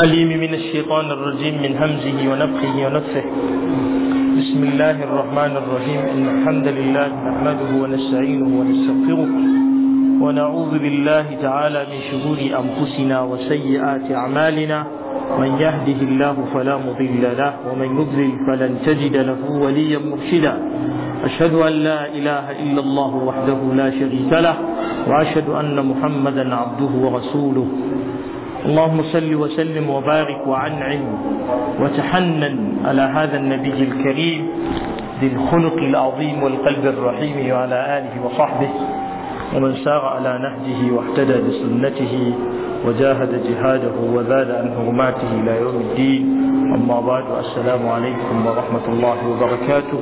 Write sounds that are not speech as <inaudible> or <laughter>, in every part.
أليم من الشيطان الرجيم من همزه ونفخه ونفخه بسم الله الرحمن الرحيم إن الحمد لله نحمده ونستعينه ونستغفره ونعوذ بالله تعالى من شرور أنفسنا وسيئات أعمالنا من يهده الله فلا مضل له ومن يضلل فلن تجد له وليا مرشدا أشهد أن لا إله إلا الله وحده لا شريك له وأشهد أن محمدا عبده ورسوله اللهم صل وسلم وبارك وانعم وتحنن على هذا النبي الكريم ذي الخلق العظيم والقلب الرحيم وعلى اله وصحبه ومن سار على نهجه واهتدى بسنته وجاهد جهاده وزاد عن حرماته الى يوم الدين اما بعد السلام عليكم ورحمه الله وبركاته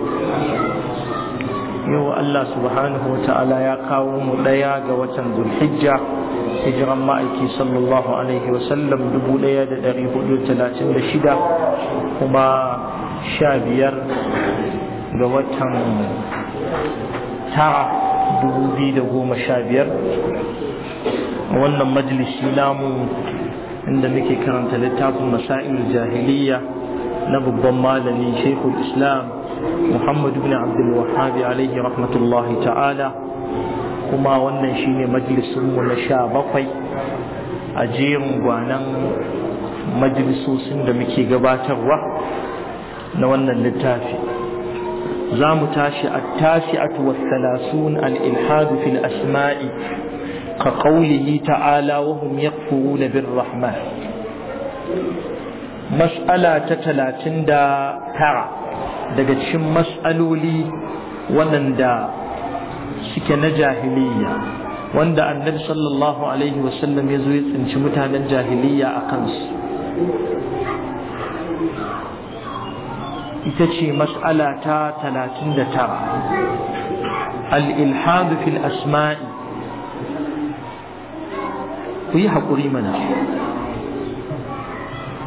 yau Allah subhanahu wa ta'ala ya kawo mu ɗaya ga watan zulhijja hijiran ma'aiki sallallahu alaihi wasallam dubu ɗaya da ɗari hudu talatin da shida kuma sha biyar ga watan tara dubu biyu da goma sha biyar wannan majalisi namu inda muke karanta littafin masa'il jahiliya na babban malami shekul islam محمد بن عبد الوهاب عليه رحمة الله تعالى كما ونشين مجلس ونشاء بقي أجير وانا مجلس سندمكي قبات الرح نونا للتافي زام تاشع التاسعة والثلاثون الإلحاد في الأسماء كقوله تعالى وهم يكفرون بالرحمن مسألة تتلاتندا ترى daga cikin mas'aloli waɗanda suke na jahiliya wanda annabi sallallahu alaihi wasallam ya zo ya tsinci mutanen jahiliya a kansu ita ce mas'ala ta 39 al-ilhadu fil asma'i ku yi haƙuri mana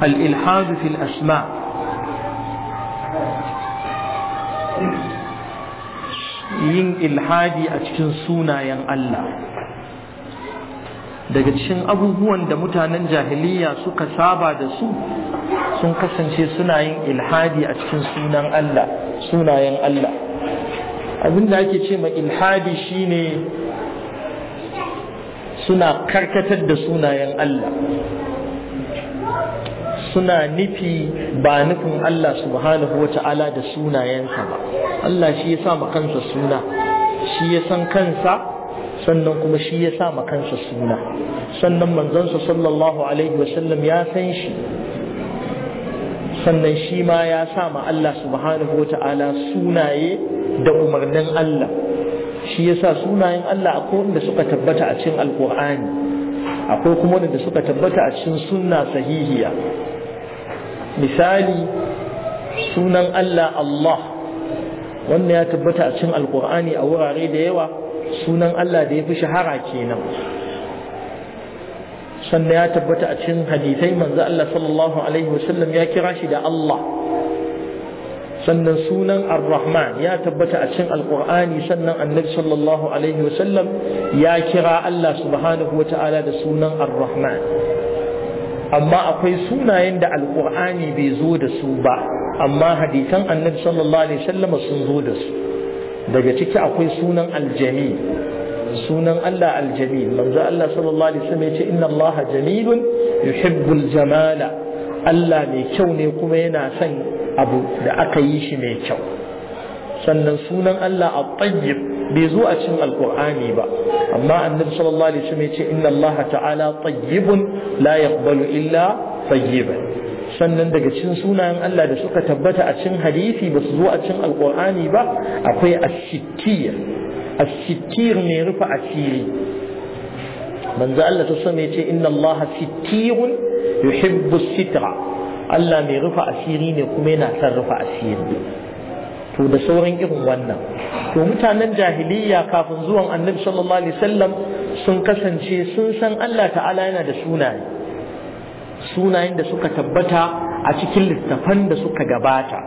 al-ilhadu fil asma' yin ilhadi a cikin sunayen Allah daga cikin abubuwan da mutanen jahiliya suka saba da su sun kasance suna yin ilhadi a cikin sunan Allah sunayen Allah abinda ake ce ma ilhadi shine suna karkatar da sunayen Allah suna nufi ba nufin Allah subhanahu wa ta'ala da sunayensa ba Allah shi ya sa ma kansa suna shi ya san kansa sannan kuma shi ya sa ma kansa suna sannan manzansa sallallahu alaihi wasallam ya san shi sannan shi ma ya sa ma Allah subhanahu wa ta'ala sunaye da umarnin Allah shi ya sa sunayen Allah akwai wanda suka tabbata a cikin alkur'ani akwai kuma wanda suka tabbata a cikin sunna sahihiya misali sunan Allah Allah wannan ya tabbata a cikin alkur'ani a wurare da yawa sunan Allah da ya fi shahara kenan sannan ya tabbata a cikin hadisai manzo Allah sallallahu alaihi wasallam ya kira shi da Allah sannan sunan ar-rahman ya tabbata a cikin alkur'ani sannan annabi sallallahu alaihi wasallam ya kira Allah subhanahu wata'ala da sunan ar-rahman amma akwai sunayen da alkur'ani bai zo da su ba amma hadisan annabi sallallahu alaihi wasallam sun zo da su daga ciki akwai sunan aljami sunan Allah aljami manzo Allah sallallahu alaihi wasallam yace inna Allah jamilun yuhibbul jamala Allah mai kyau ne kuma yana son abu da aka yi shi mai kyau sannan sunan Allah at-tayyib bai zo a cin alkur'ani ba amma annabi sallallahu alaihi wasallam yace inna allaha ta'ala tayyibun la yaqbalu illa tayyiban sannan daga cikin sunayen Allah da suka tabbata a cin hadisi ba su zo a cin alkur'ani ba akwai ash-shittir ne rufa asiri manzo Allah ta sami yace inna allaha sittirun yuhibbu sitra Allah mai rufa asiri ne kuma yana son rufa asiri to da sauran irin wannan to mutanen jahiliya kafin zuwan annabi sallallahu alaihi wasallam sun kasance sun san Allah ta'ala yana da sunaye sunayen da suka tabbata a cikin littafan da suka gabata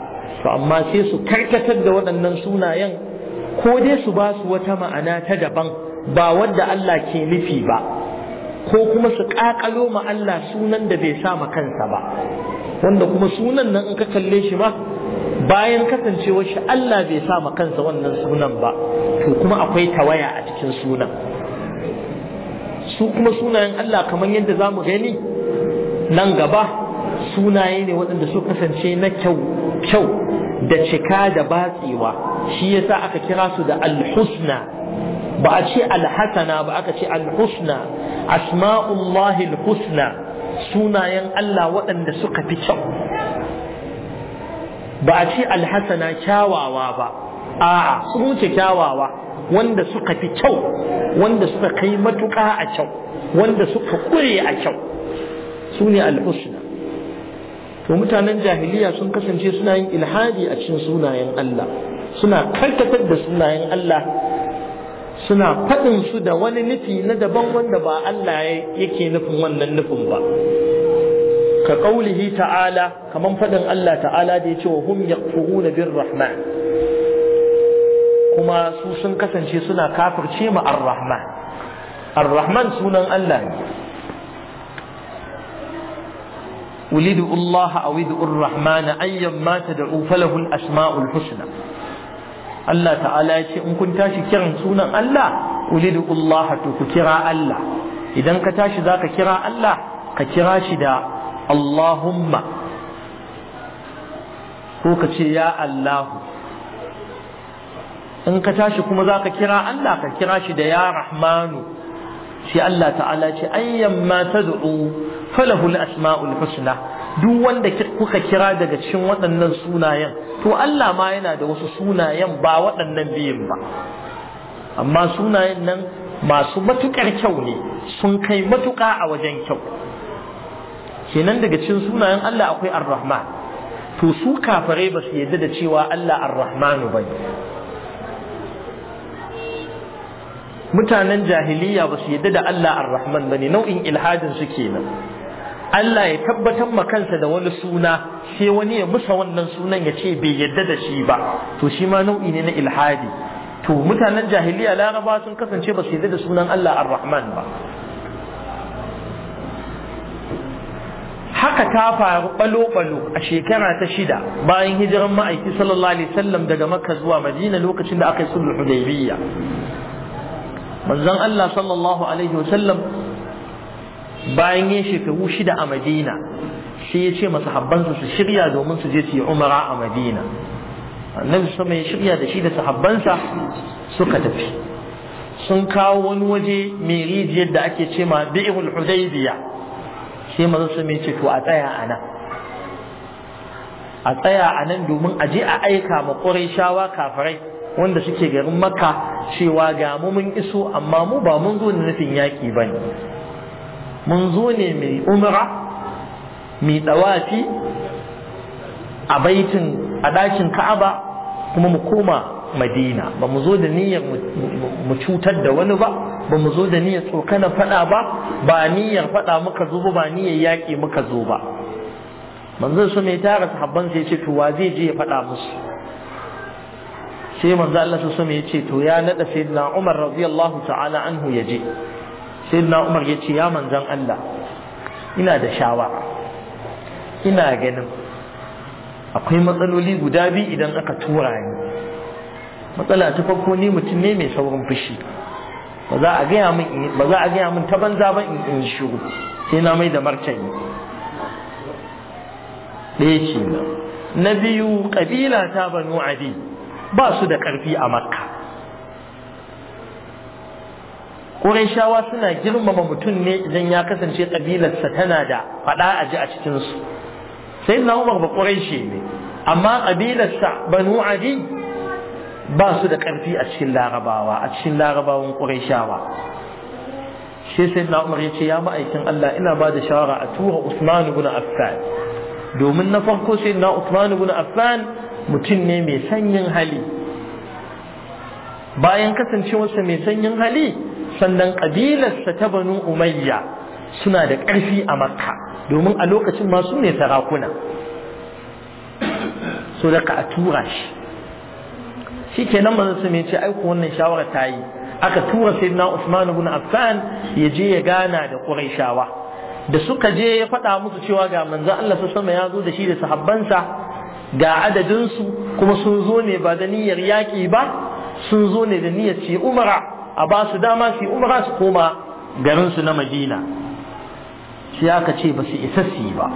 to amma sai su karkatar da waɗannan sunayen ko dai su ba su wata ma'ana ta daban ba wadda Allah ke nufi ba ko kuma su ƙaƙalo ma Allah sunan da bai sa ma kansa ba wanda kuma sunan nan in ka kalle shi ba. bayan kasancewar shi Allah bai sa ma kansa wannan sunan ba to kuma akwai tawaya a cikin sunan su kuma sunayen Allah kamar yadda za mu gani nan gaba sunaye ne waɗanda su kasance na kyau kyau da cika da batsewa shi yasa aka kira su da alhusna ba a ce alhasana ba aka ce alhusna asma'ullahi alhusna sunayen Allah waɗanda suka fi kyau ba a ce alhasana kyawawa ba a'a sun wuce kyawawa wanda suka fi kyau wanda suka kai matuƙa a kyau wanda suka kure a kyau su ne al'usna to mutanen jahiliya sun kasance suna yin ilhadi a cikin sunayen Allah suna karkatar da sunayen Allah suna faɗin su da wani nufi na daban wanda ba Allah yake nufin wannan nufin ba ka ƙaulihi ta'ala kaman faɗin Allah ta'ala da yace wa hum yakfuruna bir rahman kuma su sun kasance suna kafirce ma ar-rahman ar-rahman sunan Allah ne ulidu Allah aw idu ar-rahman ayyam ma tad'u falahu al-asma'ul husna Allah ta'ala ya ce in kun tashi kiran sunan Allah ulidu Allah to ku kira Allah idan ka tashi zaka kira Allah ka kira shi da Allahumma ko ka ce ya Allahu in ka tashi kuma za ka kira Allah ka kira shi da ya Rahmanu shi Allah ta'ala ce ayyan ma tad'u al asma'ul husna duk wanda kuka kira daga cikin waɗannan sunayen to Allah ma yana da wasu sunayen ba waɗannan biyun ba amma sunayen nan masu matukar kyau ne sun kai matuƙa a wajen kyau kenan daga cikin sunayen Allah akwai ar-rahman to su kafare ba su yadda da cewa Allah ar ba ne. mutanen jahiliya ba su yadda da Allah ar-rahman ne nau'in ilhadin su kenan Allah ya tabbatar ma kansa da wani suna sai wani ya musa wannan sunan ya ce bai yadda da shi ba to shi ma nau'i ne na ilhadi to mutanen jahiliya laraba sun kasance ba su yadda da sunan Allah ar-rahman ba haka ta faru balo-balo a shekara ta shida bayan hijiran ma'aiki sallallahu alaihi wasallam daga makka zuwa madina lokacin da aka yi sulhu hudaybiyya manzon Allah sallallahu alaihi wasallam bayan ya shekaru shida a madina sai ya ce masahabbansa su shirya domin su je su yi umara a madina annabi sama ya shirya da shi da sahabbansa suka tafi sun kawo wani waje mai rijiyar da ake ce ma bi'ul hudaybiya sai mazo su mai ce to a tsaya a nan a tsaya a nan domin a je a aika ma shawa kafarai wanda suke garin maka cewa ga mu mun iso amma mu ba mun zo ne nufin yaƙi ba ne mun zo ne mai umra mai ɗawafi a baitin a ɗakin ka'aba kuma mu koma madina ba mu zo da niyyar mu cutar da wani ba ba mu zo da niyyar tsokanar fada ba ba niyyar fada muka zo ba ba niyyar yaƙi muka zo ba manzon su mai tara sahabban sai ce to wa zai je ya fada musu sai manzo Allah su ya ce to ya nada sayyidina Umar radiyallahu ta'ala anhu yaje sayyidina Umar ya ce ya manzon Allah ina da shawara ina ganin akwai matsaloli guda biyu idan aka tura ni matsala ta farko ni mutum ne mai saurin fushi ba za a gaya min ba za a gaya min ta banza ba in shiru sai na mai da martani ɗaya ce na biyu ƙabila ta banu adi ba su da ƙarfi a makka Ƙurayshawa suna girmama mutum ne idan ya kasance ƙabilarsa tana da faɗa a ji a cikinsu. Sai na Umar ba Ƙurayshi ne, amma ƙabilarsa Banu Adi ba su da ƙarfi a cikin larabawa a cikin larabawan ƙurayshawa shi sai na umar ya ce ya ma'aikin Allah ina ba da shawara a tura Usman ibn Affan domin na farko sai na Usman ibn Affan mutum ne mai sanyin hali bayan kasancewarsa mai sanyin hali sannan ƙabilarsa ta Banu Umayya suna da ƙarfi a Makka domin a lokacin ma su ne sarakuna so daka a tura shi shikenan manzon sun ce ai ko wannan shawara ta yi aka tura sayyidina Usman ibn Affan ya je ya gana da Qurayshawa da suka je ya faɗa musu cewa ga manzon Allah sama ya zo da shi da sahabbansa ga adadin su kuma sun zo ne ba da niyyar yaƙi ba sun zo ne da niyyar ci umara a ba su dama su umara su koma garin su na Madina shi aka ce ba su isa su ba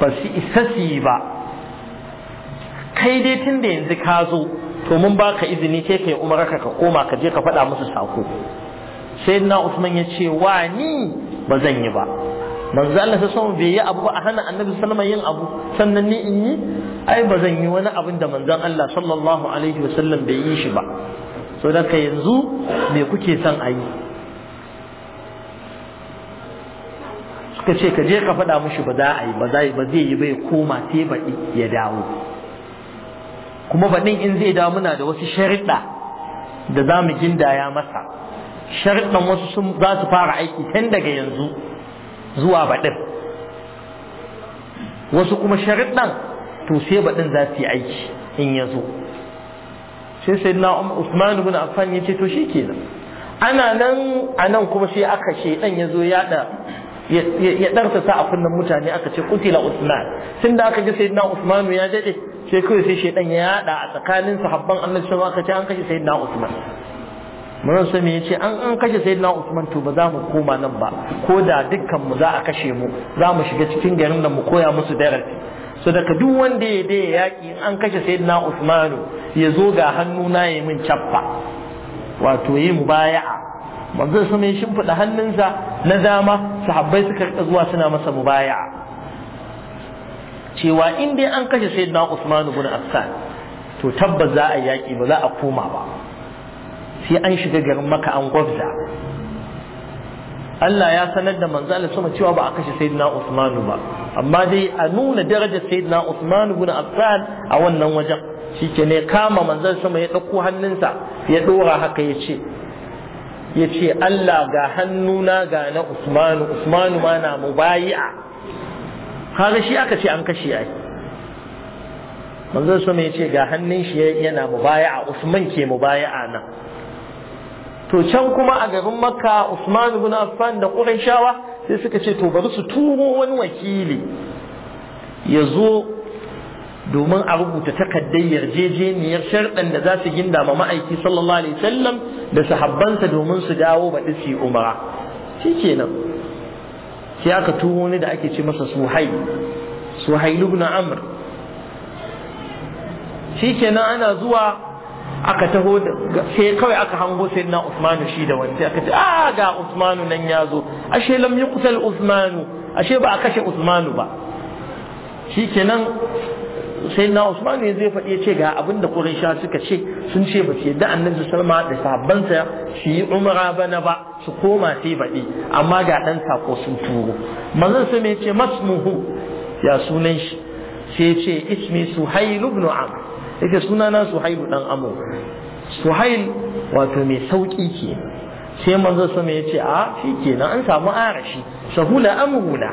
ba su isa su ba kai dai tun da yanzu ka zo to mun baka izini ke kai umara ka koma ka je ka faɗa musu sako sai na Usman ya ce wa ni ba zan yi ba manzo Allah sai son bai yi abu ba a hana Annabi sallallahu yin abu sannan ni in yi ai ba zan yi wani abin da manzon Allah sallallahu alaihi wasallam bai yi shi ba to dan ka yanzu me kuke son a yi suka ce ka je ka faɗa mushi ba za a yi ba za ba zai yi bai koma sai baɗi ya dawo kuma baɗin in zai da muna da wasu sharuɗa da za mu gindaya masa sharuɗan wasu sun za su fara aiki tun daga yanzu zuwa baɗin wasu kuma sharuɗan to sai baɗin za su yi aiki in ya zo sai sai na usman ibn affan ya ce to shi ke nan, ana nan a nan kuma sai aka ɗan ya zo ya ɗa ya ɗarsa sa a kunnen mutane aka ce kutila usman tun da aka ji sai na usmanu ya daɗe sai kawai sai shaidan ya yada a tsakanin sahabban annabi sai aka ce an kashe sayyidina usman mun san me yace an an kashe sayyidina usman to ba za mu koma nan ba ko da dukkan mu za a kashe mu za mu shiga cikin garin nan mu koya musu darasi so daga duk wanda ya dai yaki an kashe sayyidina usman ya zo ga hannu na yi min cappa wato yi mu baya. manzo sai yi shimfida hannunsa na dama sahabbai suka zuwa suna masa mubaya'a cewa in dai an kashe na Usman ibn Affan to tabbas za a yaki ba za a koma ba sai an shiga garin Makka an gwabza Allah ya sanar da manzo Allah sama cewa ba a kashe sayyidina Usman ba amma dai a nuna darajar sayyidina Usman ibn Affan a wannan wajen shi shike ne kama manzo sama ya dauko hannunsa ya dora haka ya ce ya ce Allah ga hannuna ga na Usman Usman ma na mubayi'a kaga shi aka ce an kashe ai manzon su ya ce ga hannun shi yana mubaya'a Usman ke mubaya'a nan to can kuma a garin Makka Usman ibn Affan da Qurayshawa sai suka ce to bari su turo wani wakili ya zo domin a rubuta takaddar yarjejeniyar sharɗan da za su ginda ma ma'aiki sallallahu alaihi wasallam da sahabbansa domin su dawo baɗi su umara shi kenan sai aka tuho ne da ake ce masa suhai suhai ibn amr nan ana zuwa aka taho sai kawai aka hango sai na Usmanu shi da sai aka ce a ah, ga Usmanu nan ya zo ashe lam yuqtal Usmanu ashe ba a kashe Usmanu ba nan. sai na Usman ne zai faɗi ce ga abin da Quraysha suka ce sun ce ba su yadda Annabi salma da sahabbansa su yi umra bana ba su koma sai baɗi amma ga ɗan sako sun turo manzon sai mai ce masmuhu ya sunan shi sai ce ismi Suhail ibn Amr yake sunana Suhail dan Amr Suhail wato mai sauki ke sai manzon su ya ce a ah, shi kenan an samu arashi sahula amruna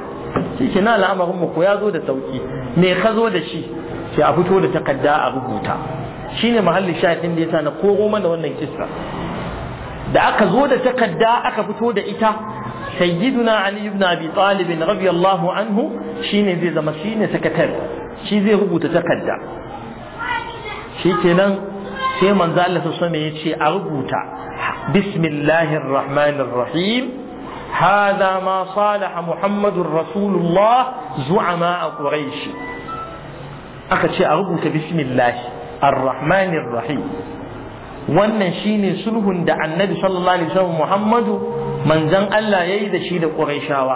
shi kenan al'amarin mu ko ya zo da sauki me ka zo da shi sai a fito da takarda a rubuta shine mahallin shafin da yasa na koro mana wannan kissa da aka zo da takarda aka fito da ita sayyiduna ali ibn abi talib radiyallahu anhu shine zai zama shine sakatare shi zai rubuta takarda shikenan sai manzo Allah sallallahu alaihi ya ce a rubuta bismillahir rahmanir rahim هذا ما صالح محمد رسول الله زعماء قريش aka ce a rubuta bismillah ar-rahmanir rahim wannan shine sulhun da annabi sallallahu alaihi wasallam Muhammadu manzon Allah yayi da shi da Qurayshawa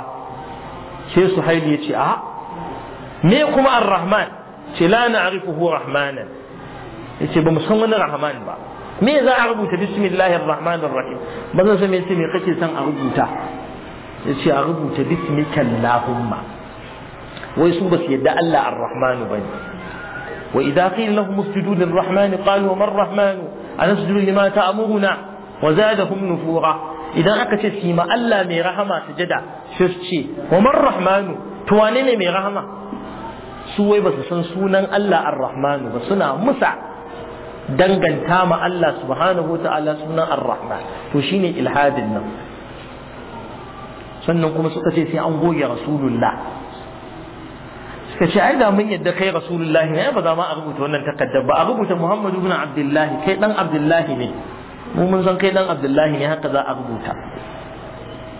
sai Suhail ya ce a me kuma ar-rahman ce la na'rifuhu rahmanan yace ba mu san wani rahman ba me za a rubuta bismillahir rahmanir rahim zan sai me yace me kake son a rubuta yace a rubuta bismika allahumma wai su ba su yadda Allah ar-rahmanu bane وإذا قيل لهم اسجدوا للرحمن قالوا وما الرحمن أنسجد لما تأمرنا وزادهم نفورا إذا أكت سيما ألا مي رحمة سجدا شفتي وما الرحمن توانين مي رحمة سوى بس سنسونا ألا الرحمن بسنا مسع danganta تام Allah سبحانه وتعالى ta'ala الرحمن تشيني إلحاد to shine ilhadin nan sannan رسول الله suka ce ai da mun yadda kai rasulullahi ne ba za ma a rubuta wannan takaddar ba a rubuta muhammadu ibn abdullahi kai dan abdullahi ne mu mun san kai dan abdullahi ne haka za a rubuta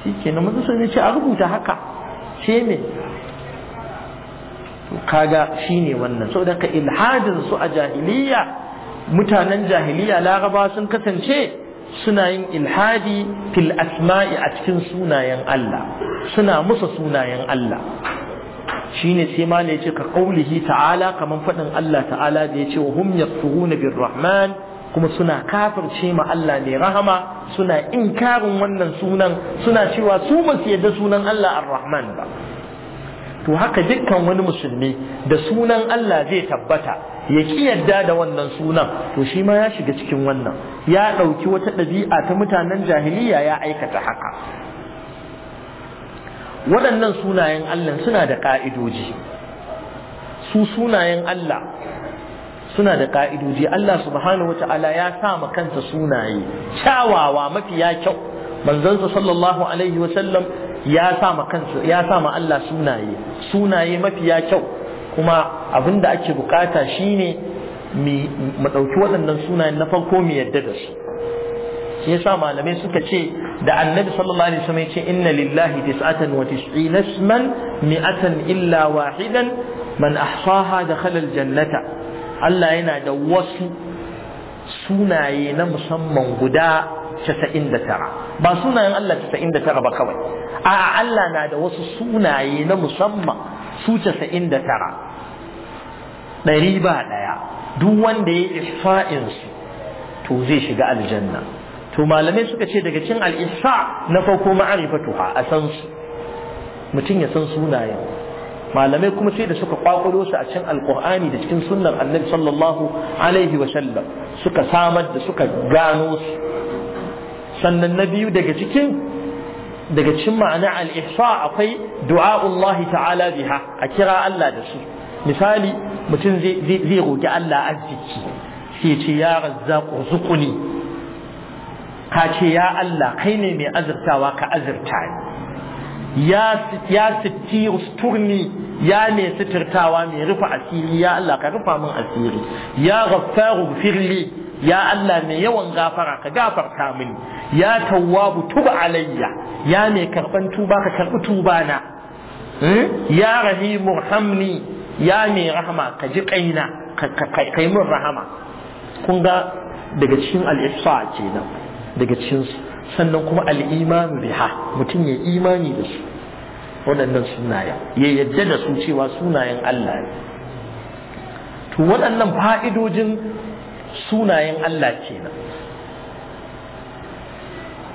shikenan mun san ne ce a rubuta haka ce me kaga shine wannan So daga ilhadin su a jahiliya mutanen jahiliya laraba sun kasance suna yin ilhadi fil asma'i a cikin sunayen Allah suna musa sunayen Allah shine sai ma ne ce ka ta'ala kaman fadin Allah ta'ala da ya ce wa hum yakfuruna birrahman kuma suna kafirce ma Allah ne rahama suna inkarin wannan sunan suna cewa su ba su yadda sunan Allah ar-rahman ba to haka dukkan wani musulmi da sunan Allah zai tabbata ya ki yadda da wannan sunan to shi ma ya shiga cikin wannan ya ɗauki wata ɗabi'a ta mutanen jahiliya ya aikata haka waɗannan sunayen Allah suna da ƙa'idoji su sunayen Allah suna da ƙa'idoji Allah subhanahu wata'ala ya sa ma kansa sunaye kyawawa mafiya kyau manzansa sallallahu alaihi wasallam ya ya sa ma Allah sunaye sunaye mafiya kyau kuma abinda ake bukata shine mu ɗauki waɗannan sunayen na farko mu yadda da su shi yasa malamai suka ce da annabi sallallahu alaihi wasallam yace inna lillahi tis'atan wa tis'ina isman mi'atan illa wahidan man ahsaha dakhala aljannata Allah yana da wasu sunaye na musamman guda 99 ba sunayen Allah 99 ba kawai a Allah na da wasu sunaye na musamman su 99 ɗari ba ɗaya duk wanda ya yi su to zai shiga aljanna to malamai suka ce daga cin al'isa na farko ma'arifatuha a san su mutum ya san sunayen malamai kuma sai da suka kwakwaro su a cikin alkur'ani da cikin sunnar annabi sallallahu alaihi wa sallam suka samar da suka gano su sannan na biyu daga cikin daga cikin ma'ana al-ihsa akwai du'a'ullahi ta'ala biha a kira Allah da su misali mutum zai roki Allah arziki sai ce ya razzaqu zuquni ka ce ya Allah kai ne mai azurtawa ka azurta ni ya sitti usturni ya mai sitirtawa mai rufa asiri ya Allah ka rufa min asiri ya ghaffaru firli ya Allah mai yawan gafara ka gafarta mini ya tawwabu tuba alayya ya mai karban tuba ka karbi tuba na hmm? ya rahimu rahamni ya mai rahama ka ji kaina ka kai min rahama kun ga daga cikin al kenan daga cikin su sannan kuma al'imanu biha mutum ya imani da su waɗannan sunayen ya yadda da su cewa sunayen Allah ne to waɗannan fa'idojin sunayen Allah kenan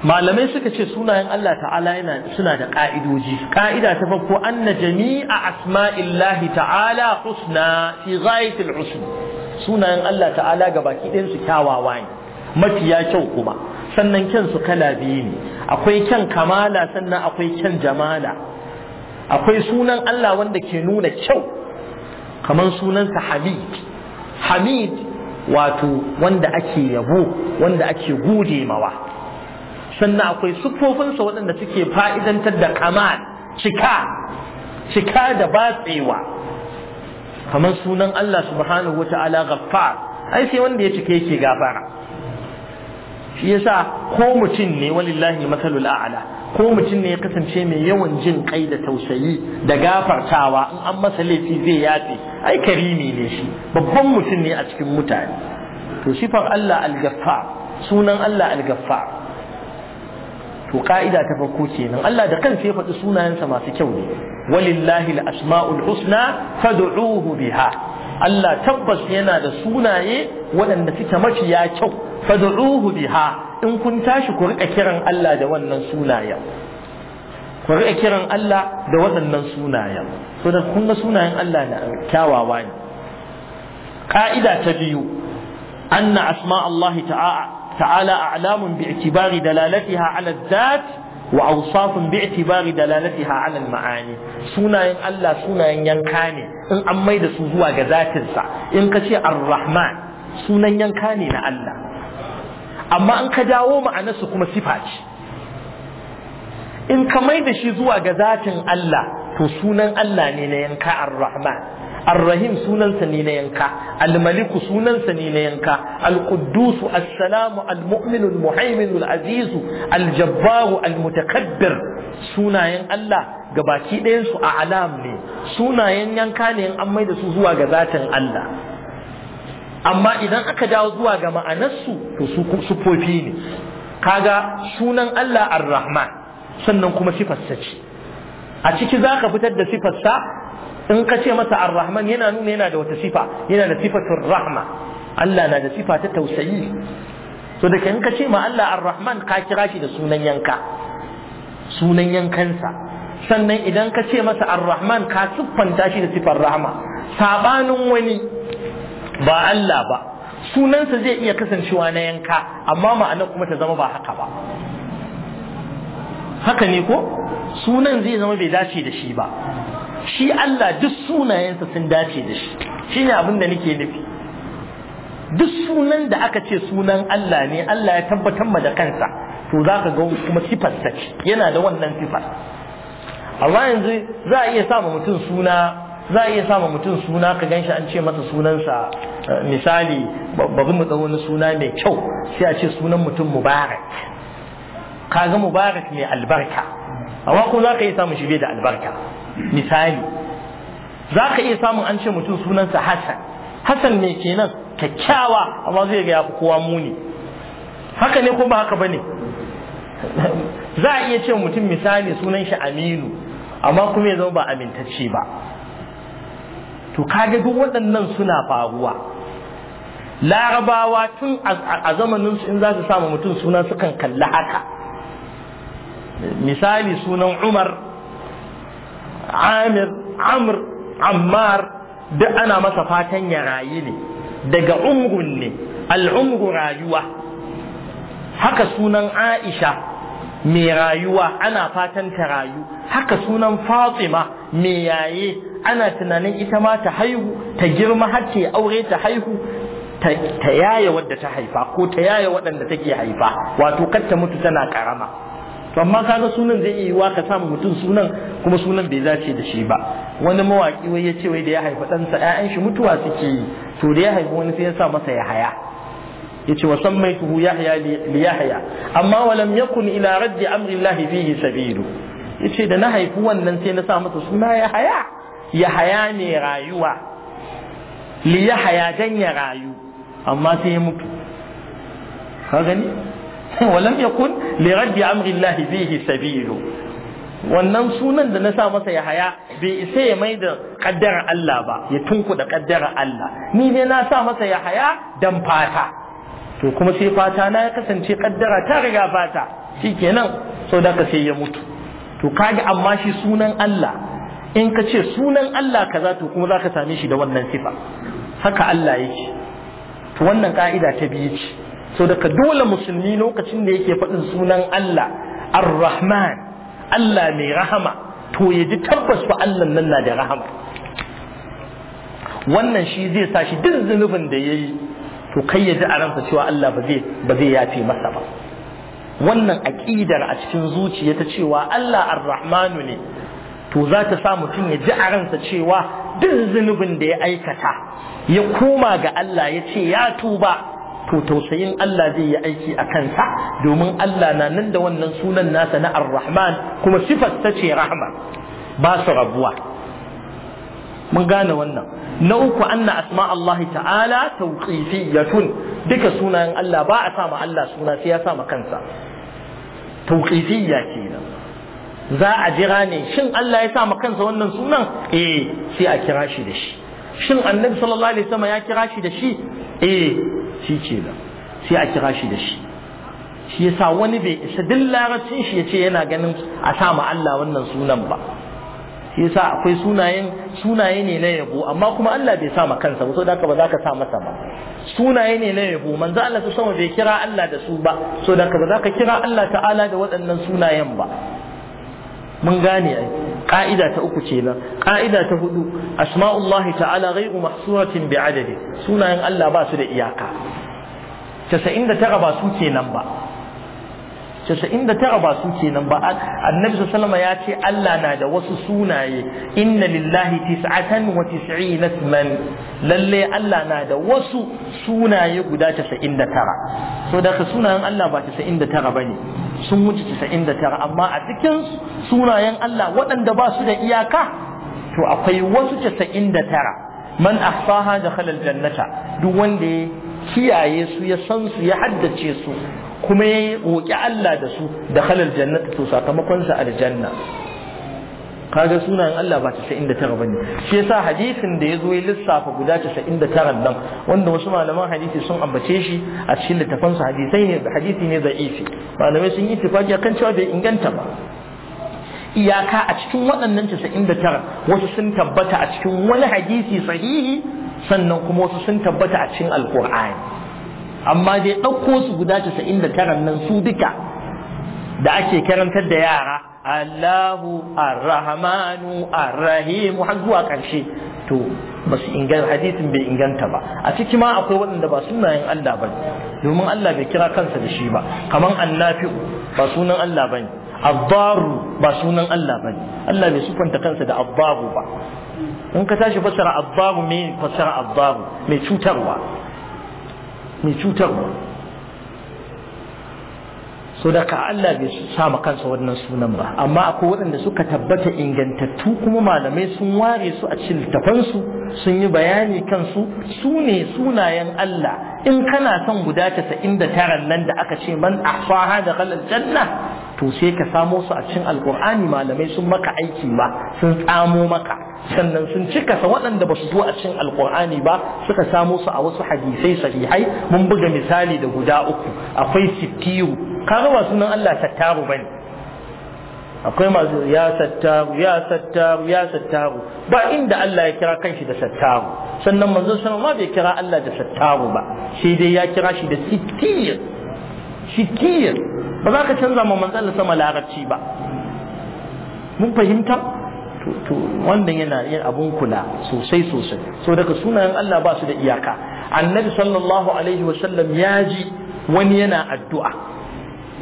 malamai suka ce sunayen Allah ta'ala yana suna da ƙa'idoji ƙa'ida ta farko anna jami'a asma'illahi ta'ala husna fi ghaibil husn sunayen Allah ta'ala ga baki ɗayan su kyawawa ne mafiya kyau kuma sannan kyan su kala biyu ne akwai kyan kamala sannan akwai kyan jamala akwai sunan Allah wanda ke nuna kyau kamar sunansa hamid hamid wato wanda ake yabo wanda ake gode mawa sannan akwai siffofinsa waɗanda suke fa'idantar da kamal cika cika da batsewa kamar sunan Allah subhanahu wa ta'ala ghaffar ai sai wanda ya cika yake gafara shi yasa ko mutum ne walillahi masalul a'ala ko mutum ne ya kasance mai yawan jin kai da tausayi da gafartawa in an masa laifi zai yafe ai karimi ne shi babban mutum ne a cikin mutane to sifar Allah al sunan Allah al to ka'ida ta farko kenan Allah da kansa ya faɗi sunayensa masu kyau ne walillahi al-asma'ul husna fad'uhu biha Allah tabbas yana da sunaye waɗanda suke mafiya kyau fad'uhu biha in kun tashi ku rika kiran Allah da wannan sunayen ku rika kiran Allah da wannan sunayen so da kun ga sunayen Allah na kyawawa ne ka'ida ta biyu anna asma Allah ta'ala a'lamun bi'tibari dalalatiha 'ala dhat wa awsafun bi'tibari dalalatiha 'ala al-ma'ani sunayen Allah sunayen yanka ne in an maida su zuwa ga zatin sa in ka ce ar-rahman sunan yanka ne na Allah amma an ka dawo ma'anarsu kuma sifa ce in ka mai da shi zuwa ga zatin Allah to sunan Allah ne na yanka ar-rahman ar-rahim sunansa ne na yanka al-maliku sunansa ne na yanka al-quddus as-salamu al-mu'min al-muhaymin al-aziz al-jabbar al-mutakabbir sunayen Allah gabaki ɗayan a alam ne sunayen yanka ne an mai da su zuwa ga zatin Allah amma idan aka dawo zuwa ga ma'anarsu to su sufofi ne kaga sunan Allah ar-Rahman sannan kuma sifarsa ce a ciki za ka fitar da sifarsa in ka ce masa ar-Rahman yana nuna yana da wata sifa yana da sifatul rahma Allah na da sifa ta tausayi to da in ka ce ma Allah ar-Rahman ka kira shi da sunan yanka sunan yankansa sannan idan ka ce masa ar-Rahman ka siffanta shi da sifar rahma sabanin wani ba Allah ba sunansa zai iya kasancewa na yanka amma ma'ana kuma ta zama ba haka ba haka ne ko sunan zai zama bai dace da shi ba shi Allah duk sunayensa sun dace da shi shi ne abin da nake nufi duk sunan da aka ce sunan Allah ne Allah ya tabbatar ma da kansa to za ka ga kuma ta ce yana da wannan sifar Allah yanzu za a iya sa mutum suna za a iya sama mutum suna ka ganshi an ce masa sunansa eh, misali babu mu wani suna mai kyau sai a ce sunan mutum mubarak kaga mubarak mai albarka amma ko za ka iya samun shi bai da albarka misali za ka iya samun an ce mutum sunansa hassan hassan ne kenan kyakkyawa amma zai ga ya fi kowa muni haka ne ko ba haka bane <laughs> za a iya ce mutum misali sunan shi aminu amma kuma ya zama ba amintacce ba to kage duk waɗannan suna faruwa larabawa tun a zamanin su in za su samu mutum suna sukan kalli haka misali sunan umar amir amr ammar duk ana masa fatan ya rayu ne daga umrun ne al'umru rayuwa haka sunan aisha mai rayuwa ana fatan ta rayu haka sunan fatima mai yaye ana tunanin ita ma ta haihu ta girma har ta aure ta haihu ta yaya wadda ta haifa ko ta yaya waɗanda take haifa wato kar ta mutu tana karama to amma kaga sunan zai iya yiwa ka samu mutum sunan kuma sunan bai zace da shi ba wani mawaki wai ya ce wai da ya haifa ɗansa ƴaƴan shi mutuwa suke yi to da ya haifi wani sai ya sa masa ya haya yace wa sammaituhu yahya li yahya amma walam yakun ila raddi amri llahi fihi sabilu yace da na haifi wannan sai na sa masa suna ya haya yahaya ne rayuwa li yahaya dan ya rayu amma sai ya mutu ka gani <laughs> walam yakun li raddi amri Allah bihi sabilu wannan sunan da na sa masa ya haya bai isa ya mai da kaddara Allah ba ya tunku da kaddara Allah ni ne na sa masa ya haya dan fata to kuma sai fata na ya kasance kaddara ta riga fata shikenan so da ka sai ya mutu to kaga amma shi sunan Allah in ka ce sunan Allah ka za to kuma za ka same shi da wannan sifa haka Allah yake to wannan ka'ida ta biyu ce so daga dole musulmi lokacin da yake faɗin sunan Allah ar-Rahman Allah mai rahama to ya ji tabbas fa Allah nan na da rahama wannan shi zai sa shi duk zunubin da yayi to kai ya ji a ransa cewa Allah ba zai ba zai yafe masa ba wannan aqidar a cikin zuciya ta cewa Allah ar-Rahmanu ne to za ta sa mutum ya ji a ransa cewa duk zunubin da ya aikata ya koma ga Allah ya ce ya tuba to tausayin Allah zai yi aiki a kansa domin Allah na nan da wannan sunan nasa na Ar-Rahman kuma sifar ta ce rahma ba su rabuwa mun gane wannan na uku anna asma Allah ta'ala tawqifiyatun duka sunayen Allah ba a sama Allah suna sai ya sama kansa tawqifiyya ce za a jira ne shin Allah ya sa ma kansa wannan sunan eh sai a kira shi da shi shin annabi sallallahu alaihi wasallam ya kira shi da shi eh shi ce da sai a kira shi da shi shi yasa wani bai isa duk larabcin shi yace yana ganin a sa ma Allah wannan sunan ba shi yasa akwai sunayen sunaye ne na yabo amma kuma Allah bai sa ma kansa ba saboda ka ba za ka sa masa ba sunaye ne na yabo manzo Allah sallallahu alaihi wasallam bai kira Allah da su ba saboda haka ba za ka kira Allah ta'ala da waɗannan sunayen ba mun gane ai ka'ida ta uku kenan ka'ida ta hudu asma'ullahi ta'ala ghayru mahsuratin bi adadi sunayen Allah ba su da iyaka 99 ba su kenan ba 99 ba su kenan ba annabi sallama ya ce Allah na da wasu sunaye inna lillahi tis'atan wa tis'ina man lalle Allah na da wasu sunaye guda 99 so da ka sunayen Allah ba 99 bane sun wuce 99 amma a cikin sunayen Allah waɗanda ba su da iyaka to akwai wasu 99 man ahsaha dakhala jannata duk wanda ya kiyaye su ya san su ya haddace su kuma ya roƙi Allah da su da dakhala jannata to sakamakon sa aljanna kaga sunayen Allah ba ba ne? shi yasa hadisin da ya zo ya lissafa guda tara nan wanda wasu malaman hadisi sun ambace shi a cikin littafan su hadisai ne hadisi ne da'ifi malamai sun yi ittifaqi kan cewa bai inganta ba iyaka a cikin waɗannan tara wasu sun tabbata a cikin wani hadisi sahihi sannan kuma wasu sun tabbata a cikin alqur'ani amma dai ɗauko su guda tara nan su duka da ake karantar da yara Allahu Ar-Rahmanu Ar-Rahim har zuwa ƙarshe to ba su inganta hadisin bai inganta ba a ciki ma akwai waɗanda ba sunayen Allah ba domin Allah bai kira kansa da shi ba Kamar annafi'u ba sunan Allah ba abbaru ba sunan Allah ba Allah bai sufanta kansa da abbaru ba in ka tashi fassara abbaru me fassara abbaru mai cutarwa mai cutarwa sadaka Allah bai sa ma kansa wannan sunan ba amma akwai waɗanda suka tabbata ingantattu kuma malamai sun ware su a cikin littafansu sun yi bayani kansu su ne sunayen Allah in kana son guda casa'in da taran nan da aka ce man ahsaha da kalal janna to sai ka samo su a cikin alkur'ani malamai sun maka aiki ba sun tsamo maka sannan sun cikasa waɗanda ba su zo a cikin alkur'ani ba suka samo su a wasu hadisai sahihai mun buga misali da guda uku akwai sittiyu kaga ba sunan Allah tattaru bane akwai masu ya sattaru ya sattaru ya sattaru ba inda Allah ya kira kanshi da sattaru sannan manzon sama ma bai kira Allah da sattaru ba sai dai ya kira shi da sittir shikir ba za ka canza ma manzon Allah sama larabci ba mun fahimta to wannan yana yin abun kula sosai sosai so daga sunayen Allah ba su da iyaka annabi sallallahu alaihi wasallam ya ji wani yana addu'a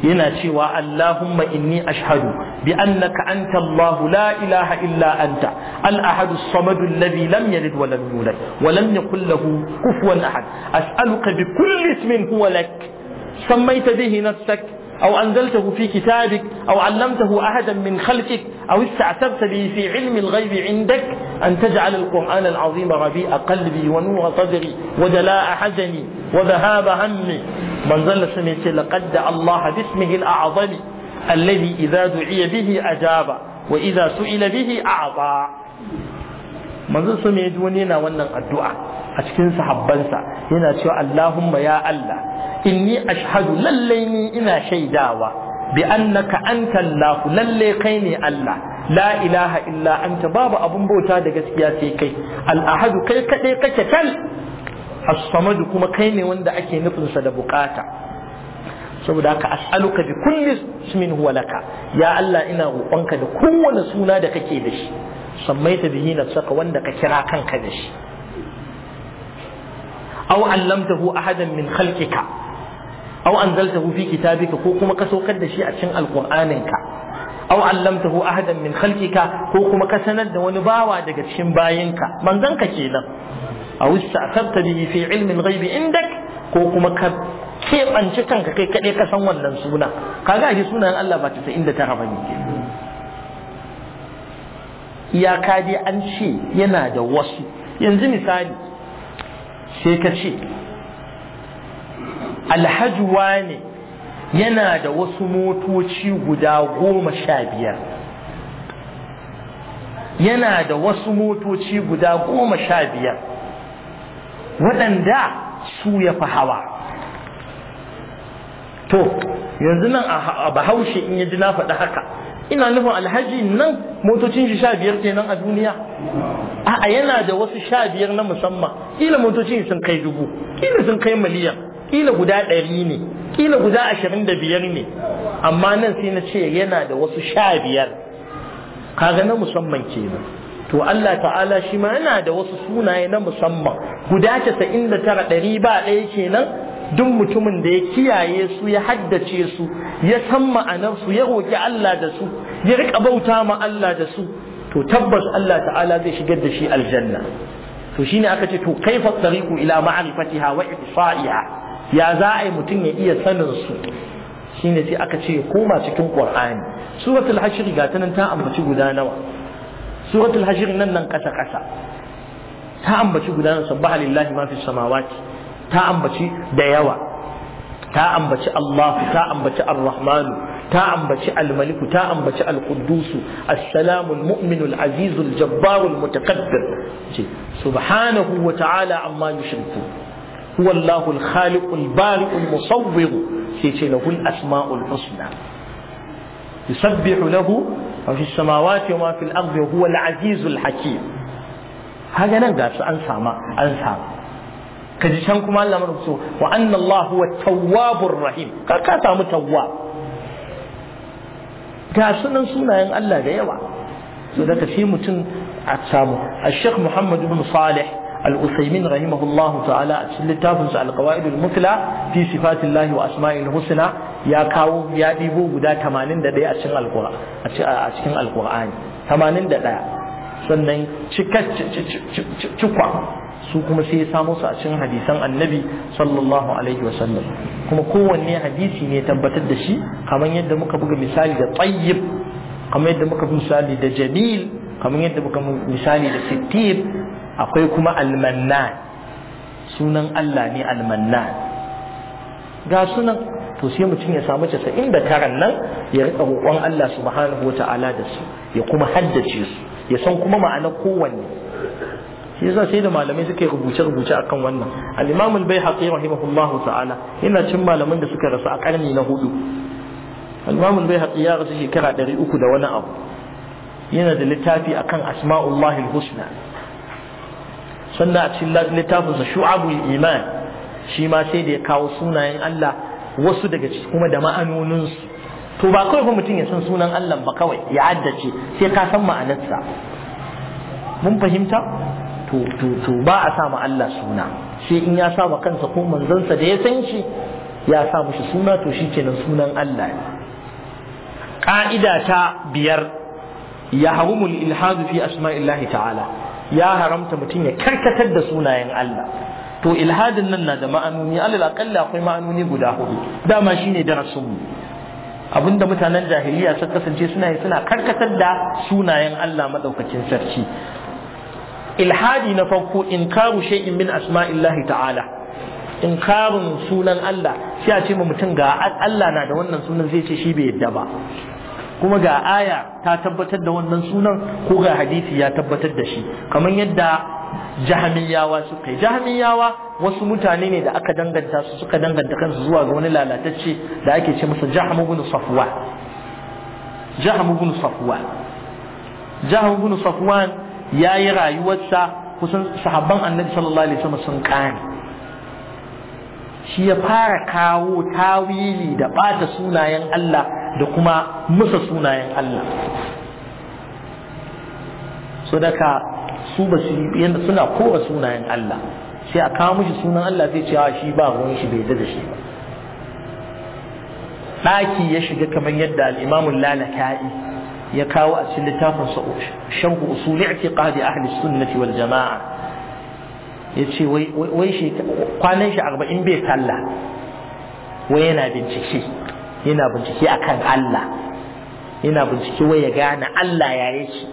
yana cewa Allahumma inni ashhadu bi annaka anta Allah la ilaha illa anta al ahad as samad alladhi lam yalid wa lam yulad wa lam yakul lahu kufuwan ahad as'aluka bi kulli ismin huwa lak sammaita bihi nafsaka أو أنزلته في كتابك أو علمته أحدا من خلقك أو استعتبت به في علم الغيب عندك أن تجعل القرآن العظيم ربيع قلبي ونور صدري وجلاء حزني وذهاب همي من ظل سميت لقد دعا الله باسمه الأعظم الذي إذا دعي به أجاب وإذا سئل به أعطى من ظل سميت ji ونن الدعاء wannan addu'a a cikin sahabbansa yana cewa inni ashhadu lallai ni ina shaidawa bi annaka anta Allah lalle kai ne Allah la ilaha illa anta babu abun bauta da gaskiya sai kai al ahadu kai kadai kake tal as-samad kuma kai ne wanda ake nufin sa da bukata saboda haka as'aluka bi kulli ismin huwa laka ya Allah ina roƙonka da kowane suna da kake da shi sammaita bihi nafsaka wanda ka kira kanka da shi aw allamtahu ahadan min khalqika aw anzaltahu fi kitabika ko kuma ka saukar da shi a cikin ka aw allamtahu ahadan min khalqika ko kuma ka sanar da wani bawa daga cikin bayinka ke kenan aw ista'sarta bihi fi ilmi al-ghaibi indak ko kuma ka keɓance kanka kai kaɗai ka san wannan suna kaga ake sunan Allah ba ta sa inda ta hafa ne Ya dai an ce yana da wasu yanzu misali sai ka ce alhajuwa ne yana da wasu motoci guda goma sha biyar yana da wasu motoci guda goma sha biyar waɗanda su ya fi hawa to yanzu nan a bahaushe in yaji na faɗi haka ina nufin alhaji nan motocin shi sha biyar kenan a duniya a yana da wasu sha biyar na musamman kila motocin sun kai dubu kila sun kai miliyan kila guda ɗari ne kila guda ashirin da biyar ne amma nan sai na ce yana da wasu sha biyar kaga na musamman kenan to Allah ta'ala shi ma yana da wasu sunaye na musamman guda casa'in da tara ɗari ba ɗaya kenan duk mutumin da ya kiyaye su ya haddace su ya san ma'anarsu ya roƙi Allah da su ya riƙa bauta ma Allah da su to tabbas Allah ta'ala zai shigar da shi aljanna to shine aka ce to kaifa fasariku ila ma'rifatiha wa ihsa'iha ya za a yi mutum ya iya sanin su shine sai aka ce koma cikin qur'ani suratul hashr ga ta nan ta ambaci guda nawa suratul hashr nan nan kasa kasa ta ambaci guda nawa subbaha lillahi ma fi samawati ta ambaci da yawa ta ambaci Allah ta ambaci ar ta ambaci al-maliku ta ambaci al-quddus as-salamu al-mu'minu al-azizu al-jabbaru al-mutakabbir subhanahu wa ta'ala amma yushrikun هو الله الخالق البارئ المصور سيتي له الاسماء الحسنى يسبح له في السماوات وما في الارض وهو العزيز الحكيم هذا نقدر انسى ما انسى كجي شانكم الله وان الله هو التواب الرحيم كاكا سامو تواب كاسن سنة ان الله ديوا سودا تفهم تن الشيخ محمد بن صالح al-usaymin rahimahullahu ta'ala a cikin littafin sa al-qawaid al-mutla fi sifatillahi wa asma'il husna ya kawo ya dibo guda 81 a cikin al-qur'ani a cikin al-qur'ani 81 sannan cikak cikwa su kuma sai ya samo su a cikin hadisan annabi sallallahu alaihi wa sallam. kuma kowanne hadisi ne tabbatar da shi kamar yadda muka buga misali da tayyib kamar yadda muka buga misali da jamil kamar yadda muka buga misali da sittir akwai kuma almannan sunan Allah ne almannan ga sunan to sai mutum ya samu casa'in da taran nan ya riƙa roƙon Allah subhanahu wa da su ya kuma haddace su ya san kuma ma'anar kowanne shi yasa sai da malamai suka yi rubuce-rubuce akan wannan al-imam al-baihaqi rahimahullahu ta'ala yana cin malaman da suka rasu a karni na hudu al-imam al ya rasu shekara ɗari uku da wani abu yana da littafi akan asma'ullahi al-husna sannan a cikin littafinsa shu'abul iman shi ma sai da ya kawo sunayen Allah wasu daga ciki kuma da ma'anoninsu to ba kawai fa mutum ya san sunan Allah ba kawai ya addace sai ka san ma'anarsa mun fahimta to to to ba a sa ma Allah suna sai in ya sa wa kansa ko manzansa da ya san shi ya sa mushi suna to shi kenan sunan Allah ne ƙa'ida ta biyar ya harumul ilhadu fi asma'illahi ta'ala ya haramta mutum ya karkatar da sunayen Allah to ilhadin nan na da ma'anoni alal aqalla akwai ma'anoni guda hudu dama shine darasin mu abinda mutanen jahiliya sun kasance suna yi suna karkatar da sunayen Allah madaukakin sarki ilhadi na farko inkaru shay'in min asma'illahi ta'ala inkarun sunan Allah sai a ce ma mutum ga Allah na da wannan sunan zai ce shi bai yadda ba kuma ga aya ta tabbatar da wannan sunan ko ga hadisi ya tabbatar da shi kamar yadda jahamiyawa suka yi jahamiyawa wasu mutane ne da aka danganta su suka danganta kansu zuwa ga wani lalatacce da ake ce masa jahamu bin safwa jahamu bin safwa jahamu bin safwan ya yi rayuwarsa kusan sahabban annabi sallallahu alaihi wasallam sun kani shi ya fara kawo tawili da bata sunayen Allah da kuma musa sunayen Allah su daga su ba su suna kowa sunayen Allah sai a kawo mishi sunan Allah zai ce shi ba ruwan shi bai da shi ba ɗaki ya shiga kamar yadda al'imamun lalaka'i ya kawo a cikin littafin shanku usuli i'tiqadi ahli sunnati wal jama'a ya ce wai kwanan shi arba'in bai sallah wai yana bincike yana bincike akan Allah yana bincike wai ya gane Allah ya shi.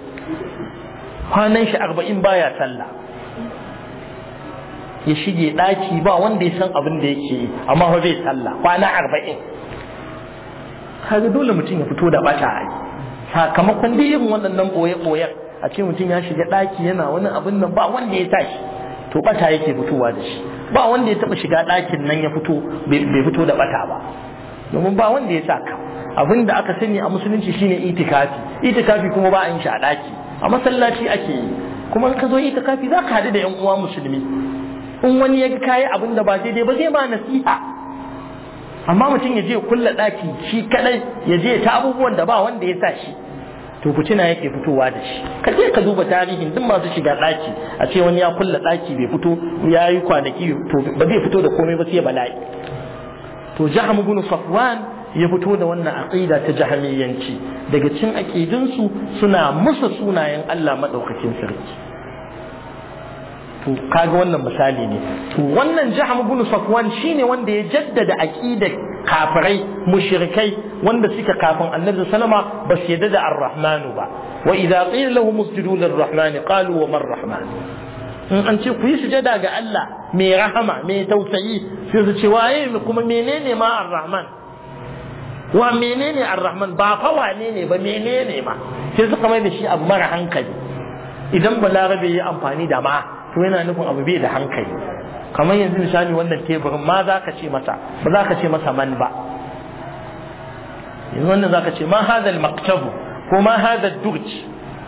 kwanan shi arba'in baya sallah ya shige ɗaki ba wanda ya san abin da yake yi amma fa zai sallah kwana arba'in kaga dole mutum ya fito da bata a sakamakon duk irin wannan ɓoye-ɓoyen a ce mutum ya shiga ɗaki yana wani abin nan ba wanda ya tashi to bata yake fitowa da shi ba wanda ya taɓa shiga ɗakin nan ya fito bai fito da bata ba domin ba wanda ya sa ka abin da aka sani a musulunci shine itikafi itikafi kuma ba a yin shi a ɗaki a masallaci ake yi kuma in ka zo itikafi za ka haɗu da 'yan uwa musulmi in wani ya kayi abin da ba daidai ba zai ba nasiha amma mutum ya je kulla ɗaki shi kaɗai ya je ta abubuwan da ba wanda ya sa shi to tuna yake fitowa da shi ka je ka duba tarihin duk masu shiga ɗaki a ce wani ya kulla ɗaki bai fito ya yi kwanaki to ba zai fito da komai ba sai bala'i to jahm ibn safwan ya fito da wannan aqida ta jahmiyanci daga cin aqidinsu suna musa sunayen Allah madaukakin sarki to kaga wannan misali ne to wannan jahm ibn safwan shine wanda ya jaddada aqidar kafirai mushrikai wanda suka kafin annabi sallama ba su yadda da arrahmanu ba wa idza qila lahum usjudu lirrahmani qalu wa man rahman in an ce ku yi sujada ga Allah mai rahama mai tausayi sai su ce waye kuma menene ma ar-rahman wa menene ar-rahman ba fa wane ne ba menene ma sai su kamar da shi abu mara hankali idan balarabe ya amfani da ma to yana nufin abu bai da hankali kamar yanzu misali wannan teburin ma za ka ce masa ba za ka ce masa man ba yanzu wannan za ka ce ma hadal maktabu ko ma hadal durj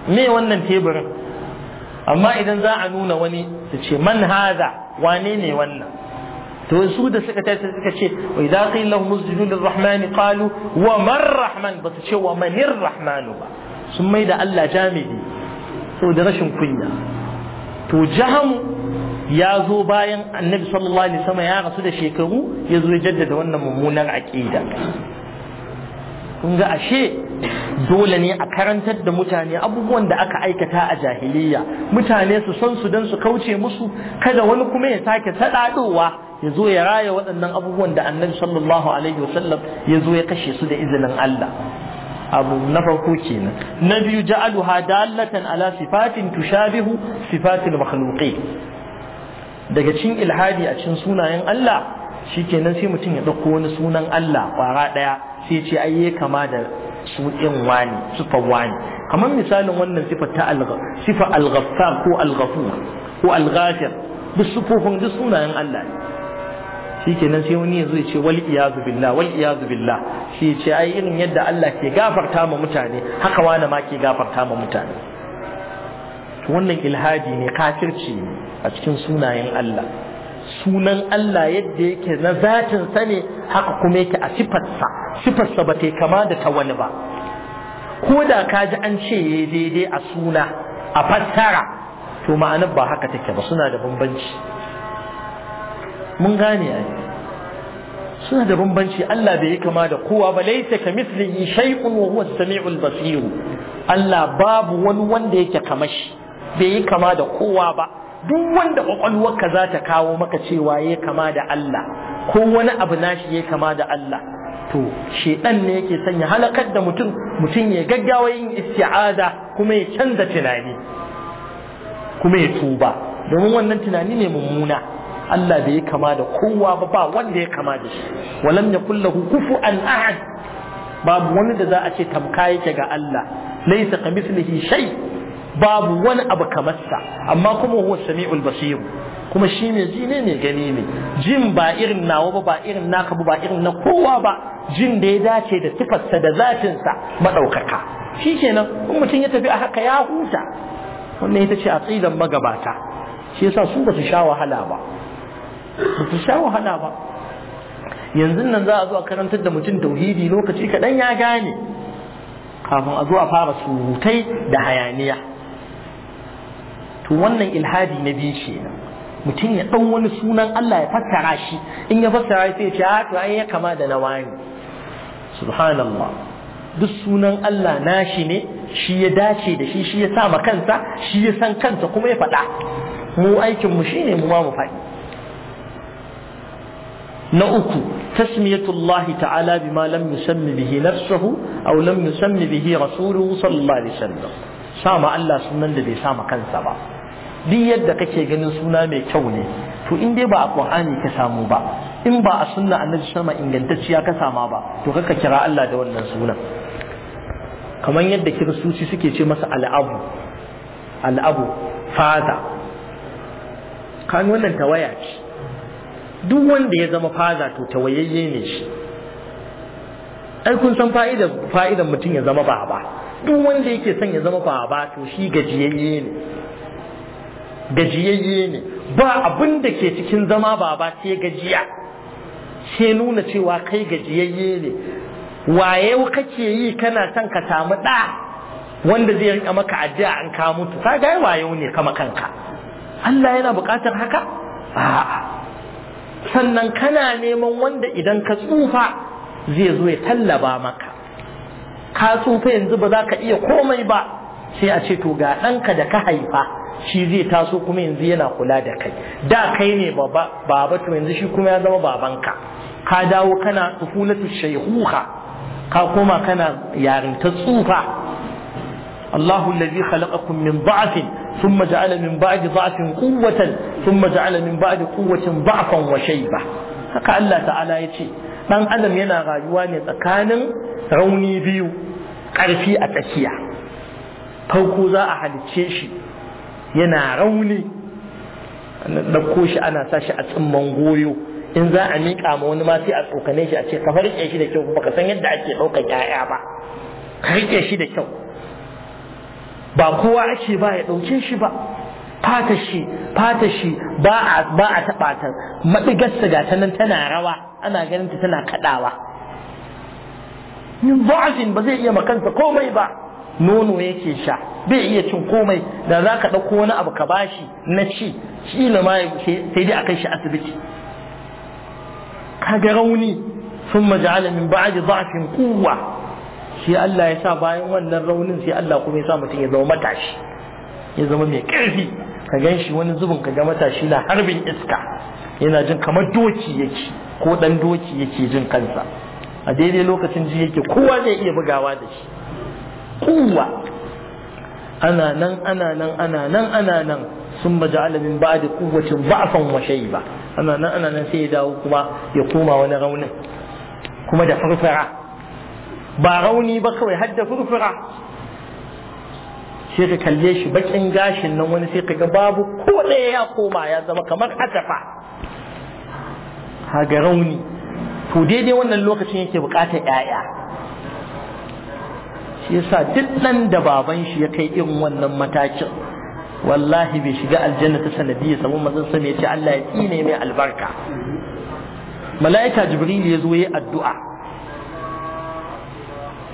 me wannan teburin amma idan za a nuna wani su ce man haza wane ne wannan to su da suka tashi suka ce wa idza qila lahum usjudu lirrahmani qalu wa man rahman ba su ce wa manir rahmanu ba sun mai da Allah jami'i da rashin kunya to jahamu ya zo bayan annabi sallallahu alaihi wasallam ya rasu da shekaru ya zo ya jaddada wannan mummunar aqida kun ga ashe dole ne a karantar da mutane abubuwan da aka aikata a jahiliya mutane su san su dan su kauce musu kada wani kuma ya sake saɗaɗowa ya zo ya raya waɗannan abubuwan da annabi sallallahu alaihi wasallam ya zo ya kashe su da izinin Allah abu na farko kenan na biyu ja'alu dallatan ala sifatin tushabihu sifatil makhluqi daga cikin ilhadi a cikin sunayen Allah shikenan sai mutum ya dauko wani sunan Allah kwara daya. sai ce ai ya kama da su wani sifar wani kamar misalin wannan sifar ta sifa al ko al ko alghafir duk sifofin sunayen Allah ne shikenan sai wani yazo ya ce wal iyazu billah wal iyazu billah shi ce ai irin yadda Allah ke gafarta ma mutane haka wani ma ke gafarta ma mutane wannan ilhadi ne kafirci ne a cikin sunayen Allah sunan Allah yadda yake na zatinsa ne haka kuma yake a sifarsa sifarsa ba ta kama da ta wani ba ko da ka ji an ce ya daidai a suna a fassara to ma'anar ba haka take ba suna da bambanci mun gane ai suna da bambanci Allah bai yi kama da kowa ba laisa ka mislihi shay'un wa huwa as-sami'ul basir Allah babu wani wanda yake kamashi bai yi kama da kowa ba duk wanda kwakwalwarka za ta kawo maka cewa ya kama da Allah ko wani abu nashi ya kama da Allah to shedan ne yake sanya halakar da mutum mutum ya gaggawa yin isti'aza kuma ya canza tunani kuma ya tuba domin wannan tunani ne mummuna Allah bai kama da kowa ba ba wanda ya kama da shi walam yakul lahu kufuwan ahad babu wani da za a ce tamka yake ga Allah laysa kamithlihi shay' babu wani abu kamar sa amma kuma huwa sami'ul basir kuma shi mai ji ne mai gani ne jin ba irin nawa ba ba irin naka ba ba irin na kowa ba jin da ya dace da sifarsa da zatinsa maɗaukaka shi kenan in mutum ya tafi a haka ya huta wannan ita ce aqidan magabata shi yasa su ba su sha wahala ba ba su sha wahala ba yanzu nan za a zo a karantar da mutum tauhidi lokaci kaɗan ya gane kafin a zo a fara surutai da hayaniya to wannan ilhadi na biyu na mutum ya ɗan wani sunan Allah ya fassara shi in ya fassara sai ya ce a ah, to ai ya kama da na wani subhanallah duk sunan Allah nashi ne shi ya dace da shi shi ya sa ma kansa shi ya san kansa kuma ya faɗa mu aikin mu shine mu ma mu faɗi na uku tasmiyatullahi ta'ala bima lam yusammi bihi nafsuhu aw lam yusammi bihi rasuluhu sallallahu alaihi wasallam sama Allah sunan da bai sama kansa ba duk yadda kake ganin suna mai kyau ne to in dai ba a qur'ani ka samu ba in ba a sunna annabi sama ingantacciya ka sama ba to kaka kira Allah da wannan sunan kamar yadda kiristoci suke ce masa al'abu al'abu fada kan wannan tawaya ce duk wanda ya zama fada to tawayayye ne shi ai kun san fa'idan fa'idan mutum ya zama baba duk wanda yake son ya zama baba to shi gajiyayye ne gajiyayye ne ba abin da ke cikin zama baba sai gajiya sai nuna cewa kai gajiyayye ne waye kake yi kana son ka samu ɗa wanda zai rika maka addu'a an ka mutu ka ga wayo ne kama kanka Allah yana buƙatar haka a'a sannan kana neman wanda idan ka tsufa zai zo ya tallaba maka ka tsufa yanzu ba za ka iya komai ba sai a ce to ga ɗanka da ka haifa shi zai taso kuma yanzu yana kula da kai da kai ne baba baba to yanzu shi kuma ya zama babanka ka dawo kana tufulatu shayhuha ka koma kana yarin ta tsufa الله الذي خلقكم من ضعف ثم جعل من بعد ضعف قوة ثم جعل من بعد قوة ضعفا وشيبة haka Allah ta'ala ya ce ɗan adam yana rayuwa ne tsakanin rauni biyu ƙarfi a tsakiya farko za a halicce shi yana rauni ɗauko shi ana sashi a tsimman goyo in za a miƙa ma wani ma sai a tsokane shi a ce ka farke shi da kyau ka san yadda ake ɗaukar ƴaƴa ba ka riƙe shi da kyau ba kowa ake ba ya ɗauke shi ba fata shi fata shi ba a ba a taɓa ta maɗigarsa ga tanan tana rawa ana ganin ta tana kaɗawa min ba zai iya makansa komai ba nono yake sha bai iya cin komai da za ka ɗauko wani abu ka bashi na ci shi na ma sai dai a kai shi asibiti kaga rauni sun maja'ala min ba'di zafin kuwa. shi Allah ya sa bayan wannan raunin sai Allah kuma ya sa mutum ya zama matashi ya zama mai ƙarfi ka gan shi wani zubin ka ga matashi na harbin iska yana jin kamar doki yake ko dan doki yake jin kansa a daidai lokacin ji yake kowa zai iya bugawa da shi kowa ana nan ana nan ana nan ana nan sun maja'ala min ba da kuwacin ba'afan wa ba ana nan ana nan sai ya dawo kuma ya koma wani rauni. kuma da furfura ba rauni ba kawai har da furfura sai ka kalle shi bakin gashin nan wani sai ka ga babu ko ɗaya ya koma ya zama kamar hatafa haga rauni to daidai wannan lokacin yake bukatar 'ya'ya shi yasa duk nan da baban shi ya kai irin wannan matakin wallahi bai shiga aljanna ta sanadiyya samu mazan sa ya ce Allah ya tsine mai albarka mala'ika jibril ya zo ya addu'a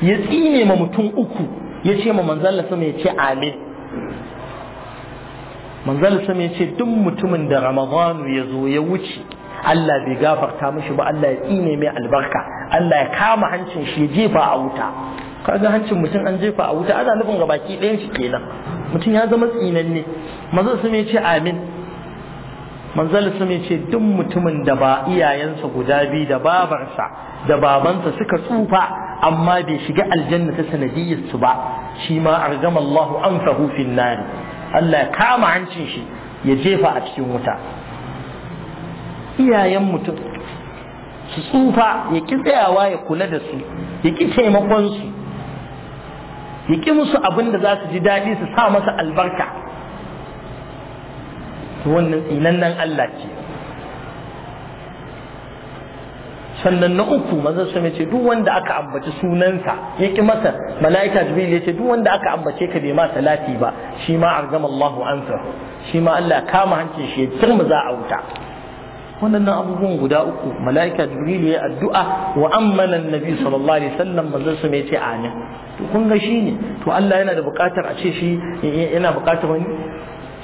ya tsine ma mutum uku ya ce ma manzon Allah ya ce amin manzon Allah ya ce duk mutumin da ramadan ya zo ya wuce Allah bai gafarta mishi ba Allah ya tsine mai albarka Allah ya kama hancin shi ya jefa a wuta kaga hancin mutum an jefa a wuta ana nufin ga baki ɗayan shi kenan mutum ya zama tsinanne manzo su me ce amin manzal su ce duk mutumin da ba iyayensa guda biyu da babarsa da babansa suka tsufa amma bai shiga aljanna ta sanadiyyar su ba shi ma argama Allah fahu fil nar Allah ya kama hancin shi ya jefa a cikin wuta iyayen mutum su tsufa ya ki tsayawa ya kula da su ya ki taimakon su ya ƙi musu abin da za su ji daɗi su sa masa albarka wannan tsinan Allah ce sannan na uku mazan su ce duk wanda aka ambaci sunansa ya ƙi masa mala'ika jibril ya ce duk wanda aka ambace ka bai ma salati ba shi ma argama Allahu ansa shi ma Allah kama hancin shi ya za a wuta wannan abubuwan guda uku mala'ika jibril ya addu'a wa ammana annabi sallallahu alaihi wasallam manzon sa ce amin to kun ga shine to Allah yana da buƙatar a ce shi yana buƙatar wani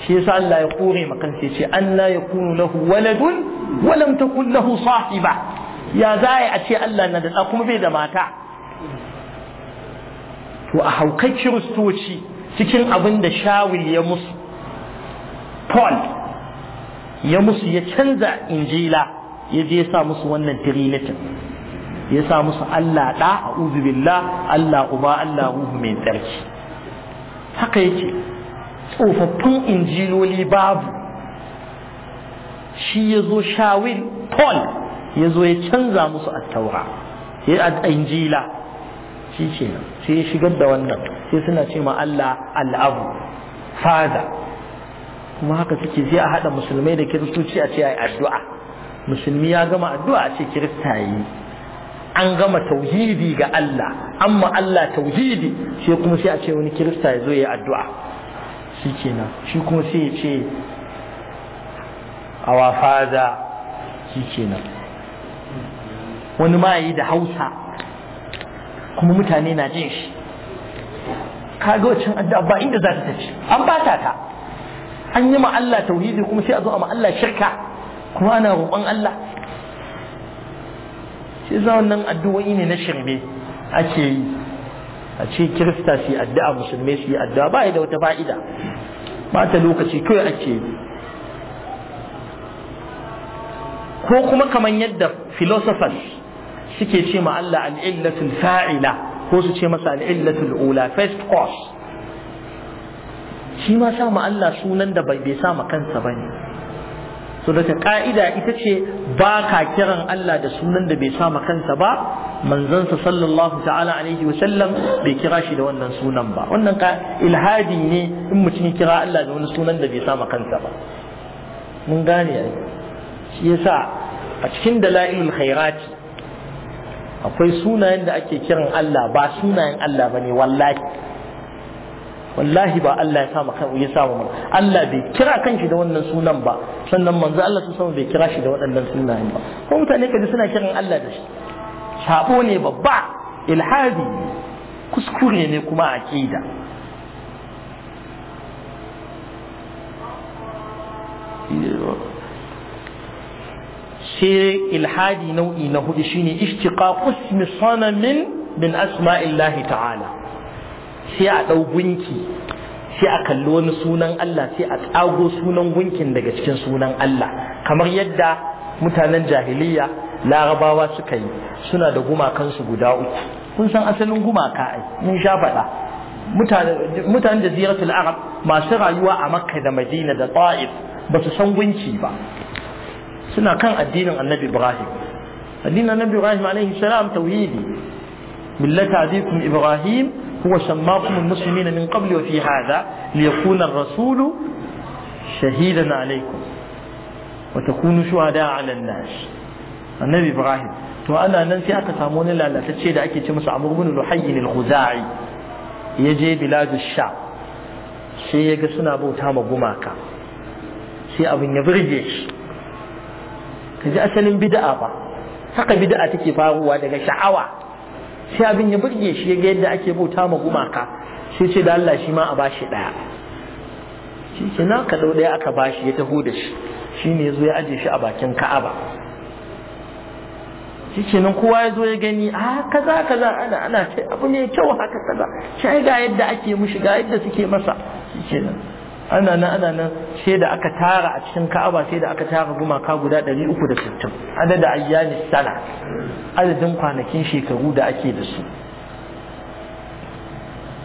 shi yasa Allah ya kore makan sai ce Allah ya kunu lahu waladun wa lam takun lahu sahiba ya zai a ce Allah na da kuma bai da mata to a haukai kiristoci cikin abin da shawil ya musu Paul ya musu ya canza injila ya je ya sa musu wannan trinitin ya sa musu Allah ɗa a'udhu billah Allah uba Allah ruhu mai tsarki haka yake tsofaffin injiloli babu shi ya zo shawil paul ya zo ya canza musu attaura ya injila shi ce sai ya shigar da wannan sai suna ce ma Allah al'abu fada kuma haka suke sai a haɗa musulmai da kiristoci a ce a addu'a musulmi ya gama addu'a a ce kirista yi an gama tauhidi ga Allah amma Allah tauhidi sai kuma sai a ce wani kirista ya zo ya addu'a shi kenan shi kuma sai ya ce a wafaza shi kenan wani ma yi da hausa kuma mutane na jin shi ga wacin addu'a ba inda za ta tafi an bata ta an yi ma Allah tauhidi kuma sai a zo a ma Allah shirka kuma ana roƙon Allah shi za wannan addu'o'i ne na shirme ake yi a ce kirista su yi addu'a musulmai su yi addu'a ba da wata fa'ida ba ta lokaci kawai ake yi ko kuma kamar yadda philosophers suke ce ma Allah illatul fa'ila ko su ce masa al'illatul ula first cause shi ma sa ma Allah sunan da bai sa ma kansa ne. so daga ka'ida ita ce ba ka kiran Allah da sunan da bai sa ma kansa ba manzansa sallallahu ta'ala alaihi wa sallam bai kira shi da wannan sunan ba wannan ka ilhadi ne in mutum kira Allah da wani sunan da bai sa ma kansa ba mun gane shi yasa a cikin dalailul khairati akwai sunayen da ake kiran Allah ba sunayen Allah ba bane wallahi wallahi ba Allah ya sa mu ya sa mu Allah bai kira kanshi da wannan sunan ba sannan manzo Allah su sama bai kira shi da waɗannan sunayen ba ko mutane kaji suna kiran Allah da shi sabo ne babba ilhadi kuskure ne kuma aqida sai ilhadi nau'i na hudu shine ishtiqaqu ismi sanamin min asma'illahi ta'ala sai a ɗau gunki sai a kalli wani sunan Allah sai a tsago sunan gunkin daga cikin sunan Allah kamar yadda mutanen jahiliya larabawa suka yi suna da gumakansu guda uku kun san asalin gumaka ai mun sha faɗa mutanen jaziratul arab masu rayuwa a makka da madina da ta'if ba su san gunki ba suna kan addinin annabi ibrahim addinin annabi ibrahim alaihi salam tauhidi millata abikum ibrahim هو شماكم المسلمين من قبل وفي هذا ليكون الرسول شهيدا عليكم وتكونوا شهداء على الناس النبي إبراهيم وأنا ننسي أكا سامون لا لا تشيد أكي تمس عمر بن لحي الغزاعي يجي بلاد الشام شي يقصنا ابو تام bauta ma gumaka sai abin ya birge shi ka ji asalin bida'a ba شعوة sai abin ya burge shi ya ga yadda ake bauta ma gumaka sai ce da Allah shi ma a bashi daya shi ke na ka dau daya aka bashi ya taho da shi ne zo ya aje shi a bakin Ka'aba shi ke nan kowa ya zo ya gani a kaza kaza ana ana ce abu ne kyau haka kaza shi ga yadda ake mushi ga yadda suke masa shi ke nan ana nan ana nan sai da aka tara a cikin ka'aba sai da aka tara gumaka guda 360 adada ayyami sana adadin kwanakin shekaru da ake da su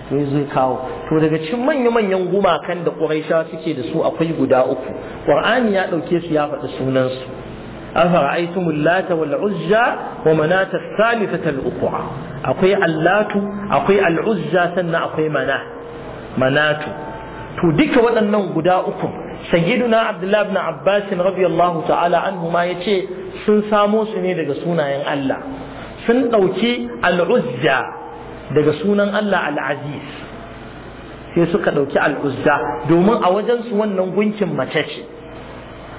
to zai kawo to daga cikin manya-manyan gumakan da ƙuraisha suke da su akwai guda uku ƙur'ani ya ɗauke su ya faɗi sunansu أفرأيتم اللات والعزى ومناة الثالثة الأخرى أقي akwai أقي akwai سنة أقي مناة Manatu. to duka waɗannan guda uku sayyiduna abdullahi ibn abbas radiyallahu ta'ala anhu ma yace sun samo su ne daga sunayen Allah sun ɗauki uzza daga sunan Allah al'aziz sai suka ɗauki uzza domin a wajen su wannan gunkin mace ce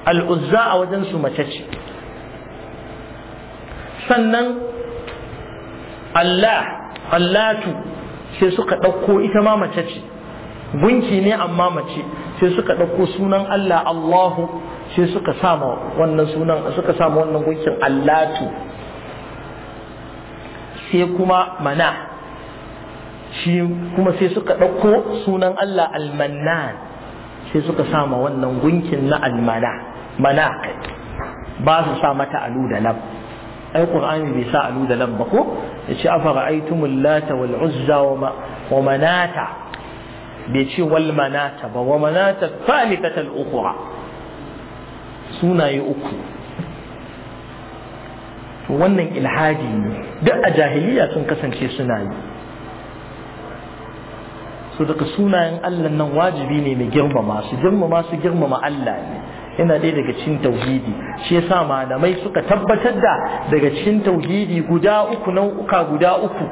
al-uzza a wajen su mace ce sannan Allah allatu sai suka ɗauko ita ma mace ce gunki ne amma mace sai suka ɗauko sunan Allah Allahu sai suka sama wannan sunan suka sama wannan gunkin Allatu sai kuma mana shi kuma sai suka ɗauko sunan Allah Almannan sai suka sama wannan gunkin na almana mana ba su sa mata alu da nan. ai qur'ani bai sa alu da nan ba ko yace afara aitumul lata wal uzza wa manata bai ce wal manata ba wa manata thalithatal ukhra sunaye uku to wannan ilhadi ne duk a jahiliya sun kasance suna yi so daga sunayen Allah nan wajibi ne mai girmama su girmama su girmama Allah ne yana ɗaya daga cikin tauhidi shi yasa malamai suka tabbatar da daga cikin tauhidi guda uku nau'uka guda uku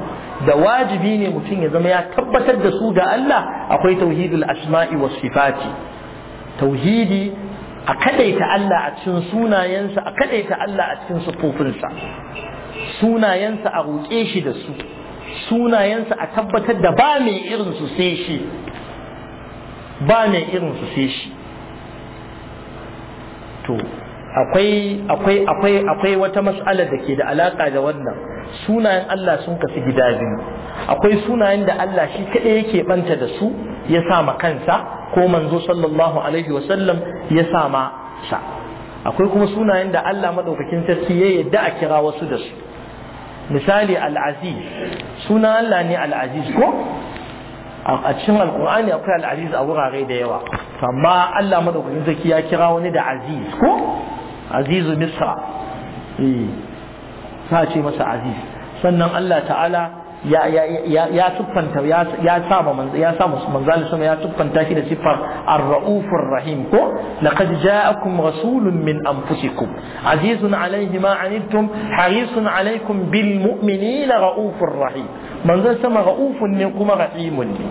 da wajibi ne mutum ya zama ya tabbatar da su ga Allah akwai tauhidul asma'i was sifati tauhidi a kadaita Allah a cikin sunayensa a kadaita Allah a cikin sufofinsa sunayensa a roƙe shi da su sunayensa a tabbatar da ba mai irin su sai shi ba mai irin su sai shi to akwai akwai akwai akwai wata mas'alar da ke da alaka da wannan sunayen Allah sun kasu gida biyu akwai sunayen da Allah shi kaɗai yake banta da su ya sama kansa ko manzo sallallahu alaihi wasallam ya ma sa akwai kuma sunayen da Allah madaukakin sarki ya yadda a kira wasu da su misali al-aziz sunan Allah ne al-aziz ko a cikin alkur'ani akwai al'aziz a wurare da yawa amma Allah madaukakin zaki ya kira wani da aziz ko azizu misra sa eh, ce masa aziz sannan Allah ta'ala ya ya ya ya ya ya sama ya tuffanta shi da sifar ar rahim ko laqad ja'akum rasulun min anfusikum azizun alayhi ma anittum harisun alaikum bil mu'minina ra'ufin rahim manzo sama ra'ufin ne kuma rahimun ne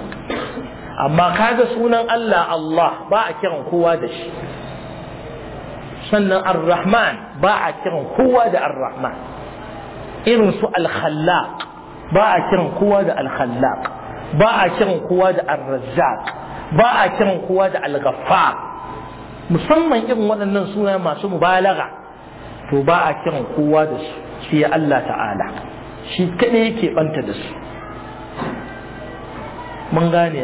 amma kaga sunan Allah Allah ba a kiran kowa da shi sannan ar-rahman ba a kiran kowa da ar-rahman irin su al ba a kiran kowa da al-khallaq ba a kiran kowa da ar ba a kiran kowa da al musamman irin waɗannan suna masu mubalaga to ba a kiran kowa da su Allah ta'ala shi kaɗai yake banta da su mun gane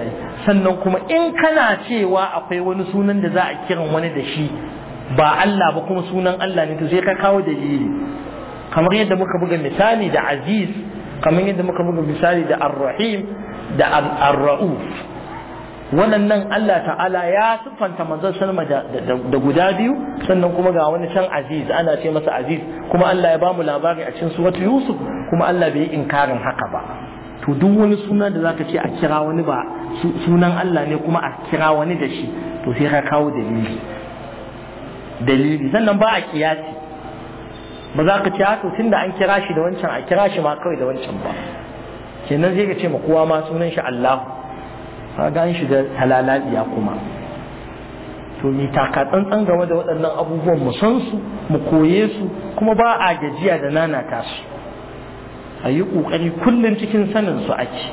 sannan kuma in kana cewa akwai wani sunan da za a kiran wani da shi ba Allah ba kuma sunan Allah ne to sai ka kawo dalili kamar yadda muka buga misali da aziz kamar yadda muka buga misali da ar-rahim da ar-ra'uf wannan Allah ta'ala ya siffanta manzon salma da guda biyu sannan kuma ga wani can aziz ana ce masa aziz kuma Allah ya ba mu labari a cikin suratu yusuf kuma Allah bai yi inkarin haka ba to duk wani suna da zaka ce a kira wani ba sunan Allah ne kuma a kira wani da shi to sai ka kawo dalili dalili sannan ba a kiyasi ba za ka ce haka tun da an kira shi da wancan a kira shi ma kawai da wancan ba kenan zai ka ce ma kowa ma sunan shi Allahu ka gan shi da halalaliya kuma to ni taka tsantsan game da waɗannan abubuwan mu san su mu koye su kuma ba a gajiya da nanata su a yi ƙoƙari kullum cikin sanin su ake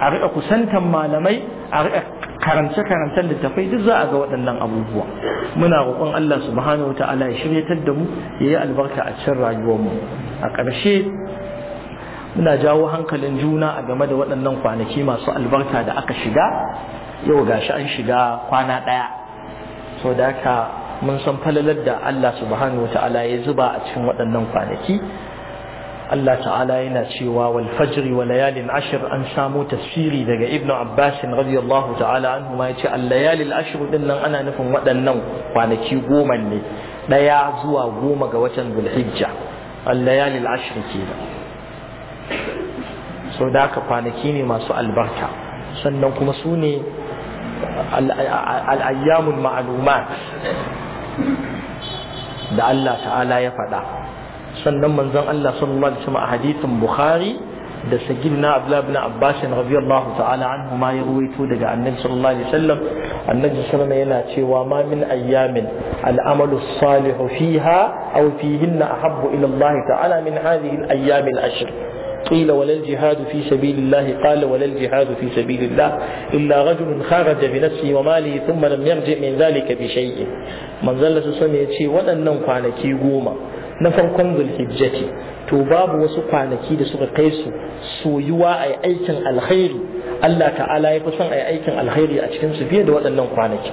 a riƙa kusantan malamai a riƙa karance karancen littafai duk za a ga waɗannan abubuwa muna roƙon Allah subhanahu wataala ya shiryatar da mu yi albarka a cikin rayuwar mu a ƙarshe muna jawo hankalin juna a game da waɗannan kwanaki masu albarka da aka shiga yau ga shi an shiga kwana ɗaya so da haka mun san falalar da Allah subhanahu wataala ya zuba a cikin waɗannan kwanaki Allah ta'ala yana cewa wal fajri wa layalin ashir an samu tafsiri daga ibnu abbas radiyallahu ta'ala anhu ma yace al layalil ashir din nan ana nufin waɗannan kwanaki goma ne daya zuwa goma ga watan zulhijja al layalil ashir kenan so da kwanaki ne masu albarka sannan kuma su ne al ayyamul ma'lumat da Allah ta'ala ya faɗa sannan manzon Allah sallallahu alaihi wasallam a hadithin Bukhari da sagidna Abdullah ibn Abbas radiyallahu ta'ala anhu ma ya ruwaito daga Annabi sallallahu alaihi wasallam Annabi sallallahu yana cewa ma min ayyamin al'amalu salihu fiha aw fihinna ahabbu ila Allah ta'ala min hadhihi al-ayyam al-ashr قيل ولا الجهاد في سبيل الله قال ولا الجهاد في سبيل الله إلا رجل خرج بنفسه وماله ثم لم يرجع من ذلك بشيء من ذل سنة يتشي ولن ننقى على كي na farkon zulhijjati to babu wasu kwanaki da suka kai su soyuwa a aikin alkhairi Allah ta'ala ya fi son a aikin alkhairi a cikin su fiye da waɗannan kwanaki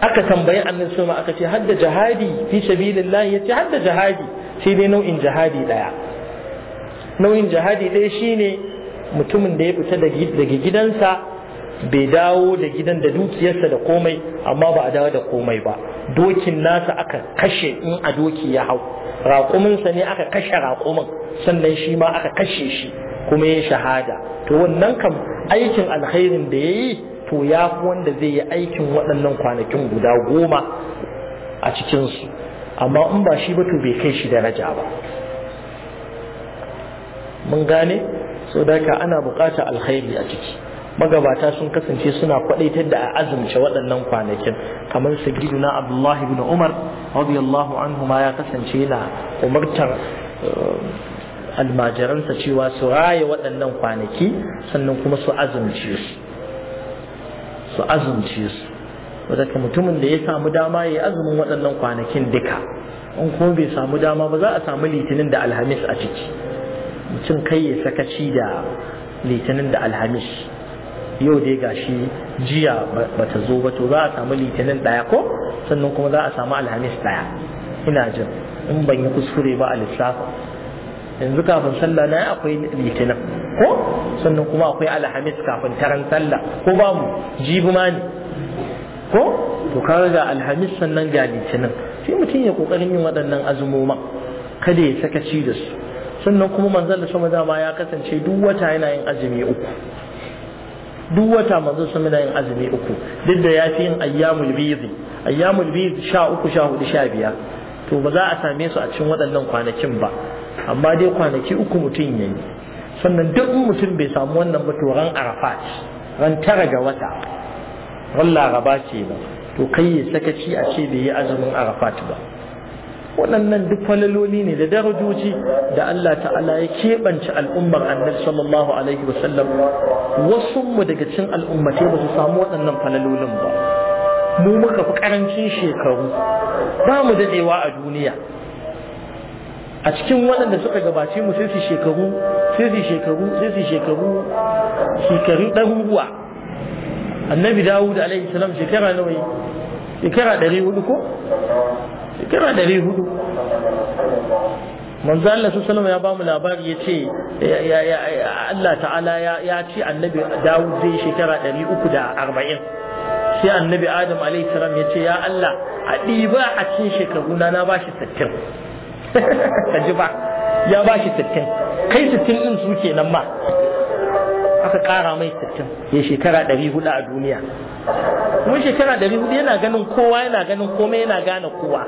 aka tambayi annabi sama aka ce hadda jihadi fi sabilillah yace hadda jihadi sai dai nau'in jihadi daya nau'in jihadi daya shine mutumin da ya fita daga gidansa bai dawo da gidan da dukiyarsa da komai amma ba a dawo da komai ba dokin nasa aka kashe in a doki ya hau raƙuminsa ne aka kashe raƙumin sannan shi ma aka kashe shi kuma ya shahada to wannan kam aikin alkhairin da ya yi to ya fi wanda zai yi aikin waɗannan kwanakin guda goma a cikinsu amma in ba shi ba to bai kai shi daraja ba mun gane so da ka ana buƙatar alkhairi a ciki magabata sun kasance suna kwaɗaitar da a azumce waɗannan kwanakin kamar na abdullahi ibn umar radiyallahu anhu ma ya kasance yana umartar eh, almajiransa cewa su raya waɗannan kwanaki sannan kuma su azumce su su azumce su wadda mutumin da ya samu dama ya azumin waɗannan kwanakin duka in kuma bai samu dama ba za a samu litinin da alhamis a ciki mutum kai ya sakaci da litinin da alhamis yau dai gashi jiya bata zo ba to za a samu litinin daya ko sannan kuma za a samu alhamis daya ina jin in ban yi kuskure ba a lissafa yanzu kafin sallah na akwai litinin ko sannan kuma akwai alhamis kafin taran sallah ko ba mu jibi ma ne ko to ka ga alhamis sannan ga litinin sai mutum ya kokarin yin waɗannan azumoma kada ya sakaci da su sannan kuma manzon da sama dama ya kasance duk wata yana yin azumi uku duk wata manzo sun da yin azumi uku duk da ya fi yin ayyamul bidhi ayyamul bidhi sha uku sha hudu sha biyar to ba za a same su a cikin waɗannan kwanakin ba amma dai kwanaki uku mutum ya yi sannan duk mutum bai samu wannan ba to ran arafat ran tara ga wata ran laraba ce ba to kai ya sakaci a ce bai yi azumin arafat ba waɗannan duk falaloli ne da darajoji da Allah ta'ala ya keɓance al'ummar annabi sallallahu alaihi sallam wasu mu daga cikin al'ummatai ba su samu waɗannan falalolin ba mu muka fi ƙarancin shekaru ba mu daɗewa a duniya a cikin waɗanda suka gabace mu sai su shekaru sai su shekaru sai su shekaru shekaru ɗaruruwa annabi dawud alaihi salam shekara nawa shekara ɗari hudu ko shekara ɗari hudu manzo Allah sallallahu ya ba mu labari ya ce Allah ta'ala ya ci annabi Dawud zai shekara 340 sai annabi Adam alaihi salam ya ce ya Allah a diba a cikin shekaru na na bashi 60 ka ji ba ya bashi 60 kai 60 din su kenan ma aka kara mai sittin ya shekara ɗari hudu a duniya mun shekara ɗari hudu yana ganin kowa yana ganin komai yana gane kowa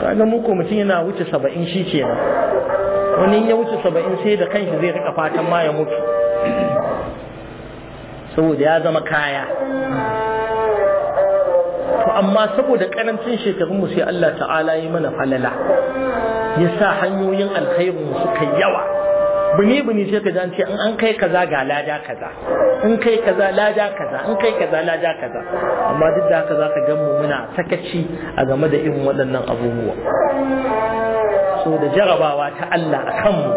kaga mu muku mutum yana wuce saba'in shi na. wani ya wuce saba'in sai da kanshi zai rika fatan ma ya mutu saboda ya zama kaya to amma saboda karancin shekarunmu sai Allah ta'ala yi mana falala ya sa hanyoyin alkhairu suka yawa bini bini sai ka an in an kai kaza ga lada kaza in kai kaza lada kaza in kai kaza lada kaza amma duk da haka zaka gan mu muna sakaci a game da irin waɗannan abubuwa so da jarabawa ta Allah a kanmu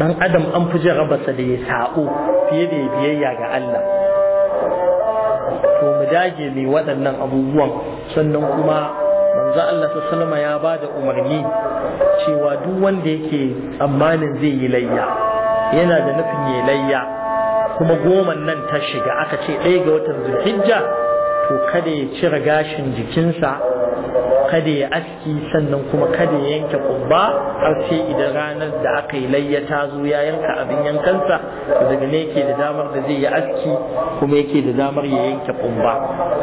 dan adam an fi jarabarsa da ya sa'o fiye da ya biyayya ga Allah to mu dage ne waɗannan abubuwan sannan kuma manzo Allah sallallahu ya ba da umarni cewa duk wanda yake tsammanin zai yi layya yana da nufin yi layya kuma goman nan ta shiga aka ce ɗaya ga watan zulhijja to kada ya cire gashin jikinsa kada ya aski sannan kuma kada ya yanke kumba har sai idan ranar da aka yi layya ta zo ya yanka abin yankansa daga ne yake da damar da zai yi aski kuma yake da damar ya yanke kumba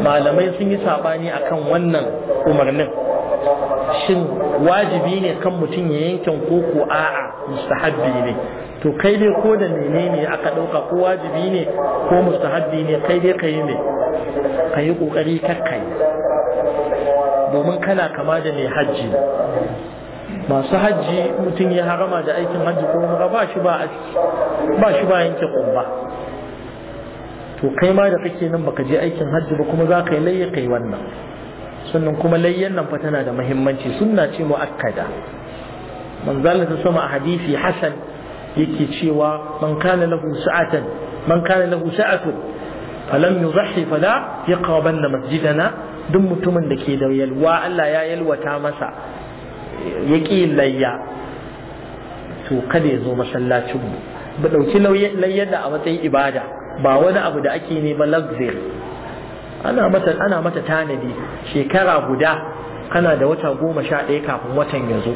malamai sun yi sabani akan wannan umarnin shin wajibi ne kan mutum ya yankin koko a'a mustahabbi ne to kai dai ko da menene aka dauka ko wajibi ne ko mustahabbi ne kai dai kai ne kai kokari kakkai domin kana kama da mai hajji masu hajji mutum ya harama da aikin hajji ko ba shi ba ba shi ba yanke kumba to kai ma da kake nan baka je aikin hajji ba kuma za ka yi layya kai wannan sannan kuma layyan nan fa tana da muhimmanci sunna ce muakkada Manzalin ta sama a hadisi hasan yake cewa man kana lahu sa'atan man kana lahu sa'atun falam yudhi fala yaqrabanna masjidana duk mutumin da ke da yalwa Allah ya yalwata masa ya ƙi layya to kada ya zo masallacin mu ba ɗauki layyar da a matsayin ibada ba wani abu da ake neman luxury ana mata ana mata tanadi shekara guda kana da wata goma sha ɗaya kafin watan ya zo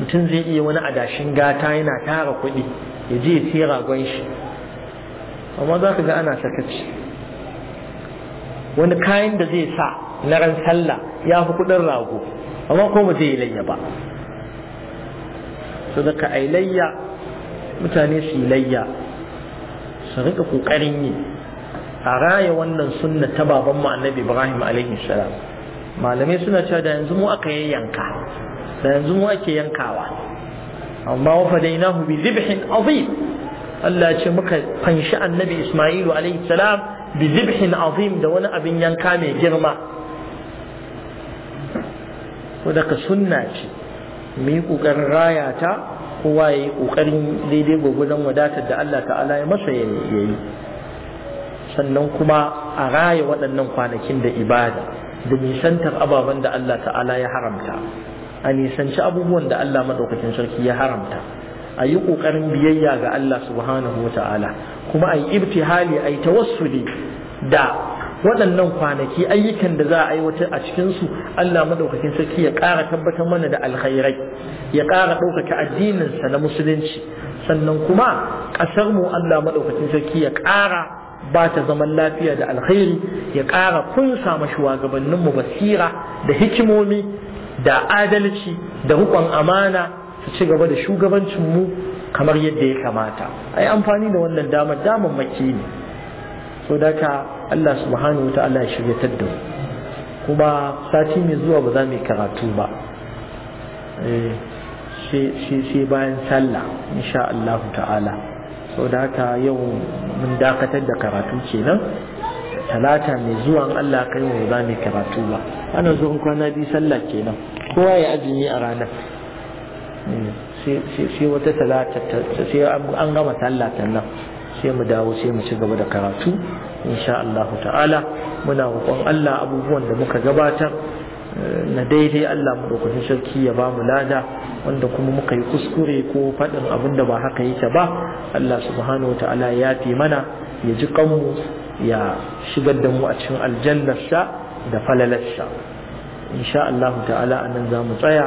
mutum zai iya wani adashin gata yana tara kuɗi ya je ya tsira gwan shi amma za ka ga ana sakaci wani kayan da zai sa na ran sallah ya fi kuɗin rago amma ko ba zai layya ba so daga ailayya mutane su layya su riƙa ƙoƙarin yi a raya wannan sunna ta baban mu annabi ibrahim alaihi salam malamai suna cewa da yanzu mu aka yi yanka, da yanzu mu ake yankawa amma wa fadainahu bi dhibhin azim Allah ce muka fanshi annabi Ismailu alaihi salam bi zibhin azim da wani abin yanka mai girma daga sunna ce mu yi ƙoƙarin raya ta kowa ya yi ƙoƙarin daidai gwagwadon wadatar da Allah ta'ala ya masa yayi sannan kuma a raya waɗannan kwanakin da ibada da nisantar ababen da Allah ta'ala ya haramta a nisanci abubuwan da Allah Madaukakin sarki ya haramta a yi ƙoƙarin biyayya ga Allah subhanahu wa ta'ala kuma a yi hali a yi tawassuli da waɗannan kwanaki ayyukan da za a aiwatar a cikinsu Allah madaukakin sarki ya ƙara tabbatar mana da alkhairai ya ƙara ɗaukaka addininsa na musulunci sannan kuma ƙasarmu Allah madaukakin sarki ya ƙara ba ta zaman lafiya da alkhairi ya ƙara kunsa ma mu basira da hikimomi da adalci da riƙon amana su ci gaba da shugabancin mu kamar yadda ya kamata Ai amfani da wannan damar damar maki ne so daga Allah subhanahu wa ta'ala ya shiryatar da kuma sati mai zuwa ba za mu yi karatu ba eh, sai bayan sallah insha Allah ta'ala sau da haka yau mun dakatar da karatu kenan talata mai zuwa Allah kai mu za mu karatu ba ana zuwan kwana biyu sallah kenan kowa ya azumi a ranar hmm, sai wata talata sai an gama sallah nan sai mu dawo sai mu ci gaba da karatu insha Allah ta'ala muna roƙon Allah abubuwan da muka gabatar na daidai Allah madaukakin sarki ya ba mu lada wanda kuma muka yi kuskure ko faɗin abin da ba haka yake ba Allah subhanahu ta'ala ya fi mana ya ji kanmu ya shigar da mu a cikin aljannarsa da falalarsa insha Allah ta'ala anan za mu tsaya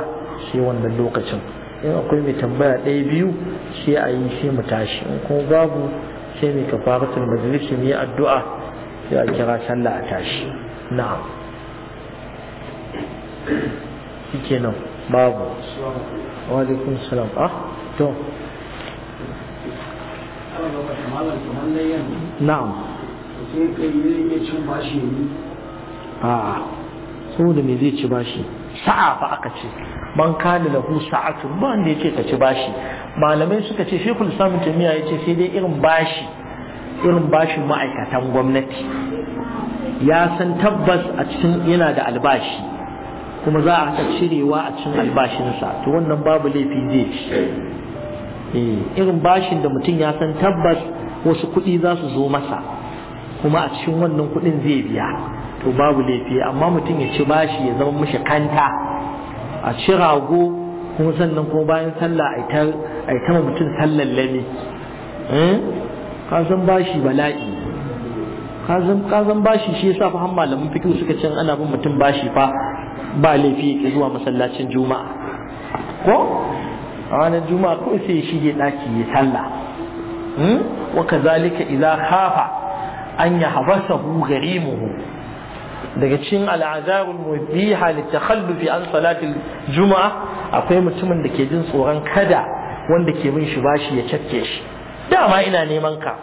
sai wannan lokacin in akwai mai tambaya ɗaya biyu sai a yi sai mu tashi in kuma babu sai mai kafaratul majalisi mu yi addu'a sai a kira sallah a tashi na'am shike nan babu wa alaikun salam ah to na'am a saboda me zai ci bashi sa'a fa aka ce man kana lahu sa'atu ba wanda yake ka ci bashi malamai suka ce shekul samun jami'a ya ce sai dai irin bashi irin bashin ma'aikatan gwamnati ya san tabbas a cikin yana da albashi kuma za a rika cirewa a cikin albashinsa to wannan babu laifi zai ci eh, irin bashin da mutum ya san tabbas wasu kuɗi za su zo masa kuma a cikin wannan kuɗin zai biya to babu laifi amma mutum ya ci bashi ya zama mishi kanta a ci rago kuma sannan kuma bayan sallah a ta mutum sallar lami eh, kasan bashi bala'i kazan bashi shi yasa fa har malaman fiqh suka ce ana bin mutum bashi fa ba laifi ya zuwa masallacin juma'a ko a ranar juma'a ko sai ya shiga daki ya salla hmm? wa kazalika idza khafa an yahbasahu gharimuhu daga cikin al'azarul mubiha litakhallufi an salatil juma'a akwai mutumin da ke jin tsoron kada wanda ke min shi bashi ya cakke shi dama ina neman ka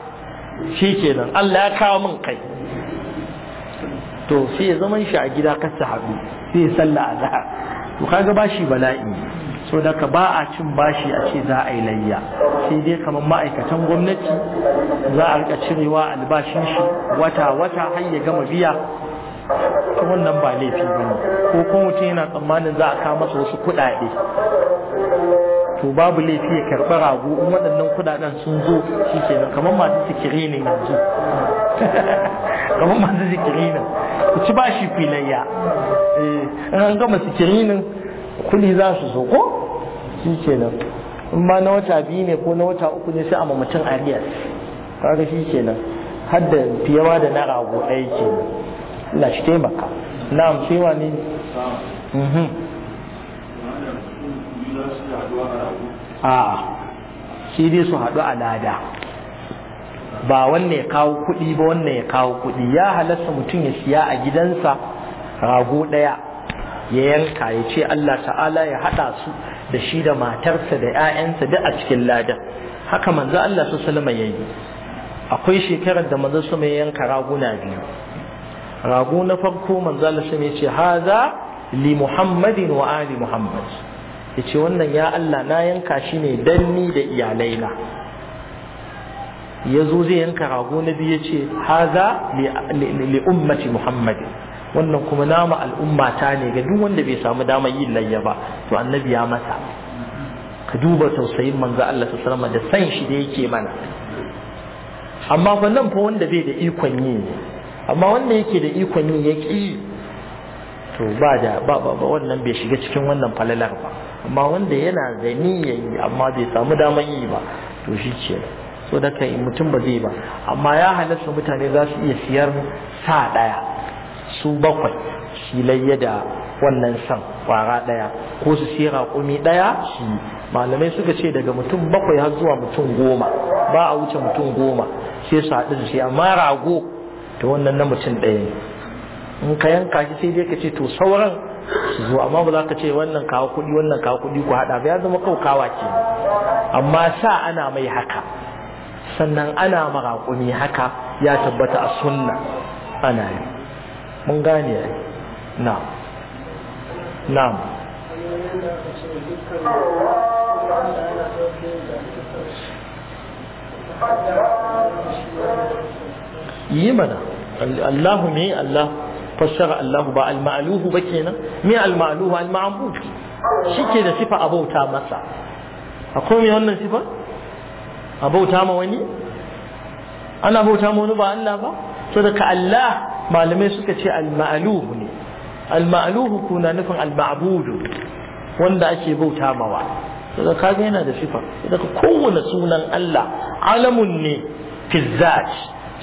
shikenan Allah ya kawo min kai to sai ya zaman shi a gida kar su sai ya sallah a zahar to kaga bashi bala'i so da ka ba a cin bashi a ce za a yi layya sai dai kamar ma'aikatan gwamnati za a rika cirewa albashin shi wata wata har ya gama biya ta wannan ba laifi ba ne ko kuma mutum yana tsammanin za a kawo masa wasu kuɗaɗe to babu laifi ya karɓi rago in waɗannan kuɗaɗen sun zo shi kenan kamar masu sikiri ne yanzu <laughs> kamar masu zikirinin ku ci bashi filayya eh, in an gama zikirinin kuli za su so ko shi nan in ba na wata biyu ne ko na wata uku ne sai a mamacin ariyas kaga shi kenan har da fiyawa da na rago ɗaya nan ina shi taimaka na amsewa ne mhm. a shi dai su haɗu a lada ba wanne ya kawo kuɗi ba wanne ya kawo kuɗi ya halasta mutum ya siya a gidansa rago ɗaya ya yanka ya ce Allah ta'ala ya haɗa su da shi da matarsa da 'ya'yansa duk a cikin ladan haka manzo Allah su salama ya yi akwai shekarar da manzo su ya yanka na biyu rago na farko manzo Allah su ya ce haza li muhammadin wa ali muhammad ya ce wannan ya Allah na yanka shi ne danni da iyalaina ya zo zai yanka rago na biyu ya ce haza li ummati muhammadin wannan kuma nama al'umma ta ne ga duk wanda bai samu damar yi layya ba to annabi ya mata ka duba tausayin manzo Allah sallallahu alaihi da san shi da yake mana amma fa nan fa wanda bai da ikon yi ne amma wanda yake da ikon yi ya ki to ba da ba ba wannan bai shiga cikin wannan falalar ba amma wanda yana zani yayi amma bai samu damar yi ba to shi ce so da kai mutum ba zai ba amma ya halatta mutane za su iya siyar sa ɗaya su bakwai shi layya da wannan san kwara ɗaya ko su siya raƙumi ɗaya shi malamai suka ce daga mutum bakwai har zuwa mutum goma ba a wuce mutum goma sai su haɗu da shi amma rago to wannan na mutum ɗaya ne. in ka yanka shi sai dai ka ce to sauran su zo amma ba za ka ce wannan kawo kuɗi wannan kawo kuɗi ku haɗa ba ya zama kawa ke amma sa ana mai haka sannan ana maraƙumi haka ya tabbata a sunna ana yi mun gane na na yi mana Allahu me Allah fassara Allahu ba alma'aluhu ba kenan me alma'aluhu maluhu al-ma'bud ke da sifa abauta masa akwai me wannan sifa a bauta ma wani ana bauta ma wani ba Allah ba to daga Allah malamai suka ce al ne al-ma'luhu kuna nufin al-ma'budu wanda ake bauta mawa daga kaga yana da sifa daga kowane sunan Allah alamun ne fi zat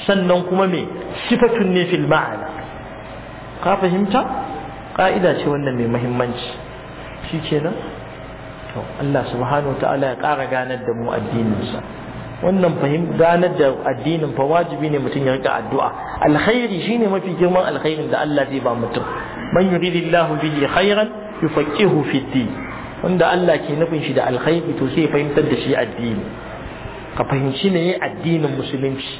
sannan kuma me sifatun ne fil ma'ana ka fahimta ka'ida ce wannan mai muhimmanci Shi to Allah subhanahu wa ta'ala ya ƙara ganar da mu addininsa wannan fahim ganar da addinin fa wajibi ne mutum ya rika addu'a alkhairi shine mafi girman alkhairin da Allah zai ba mutum man yuridillahu bihi khairan yufaqihu fi din wanda Allah ke nufin shi da alkhairi to sai fahimtar da shi addini ka fahimci ne addinin musulunci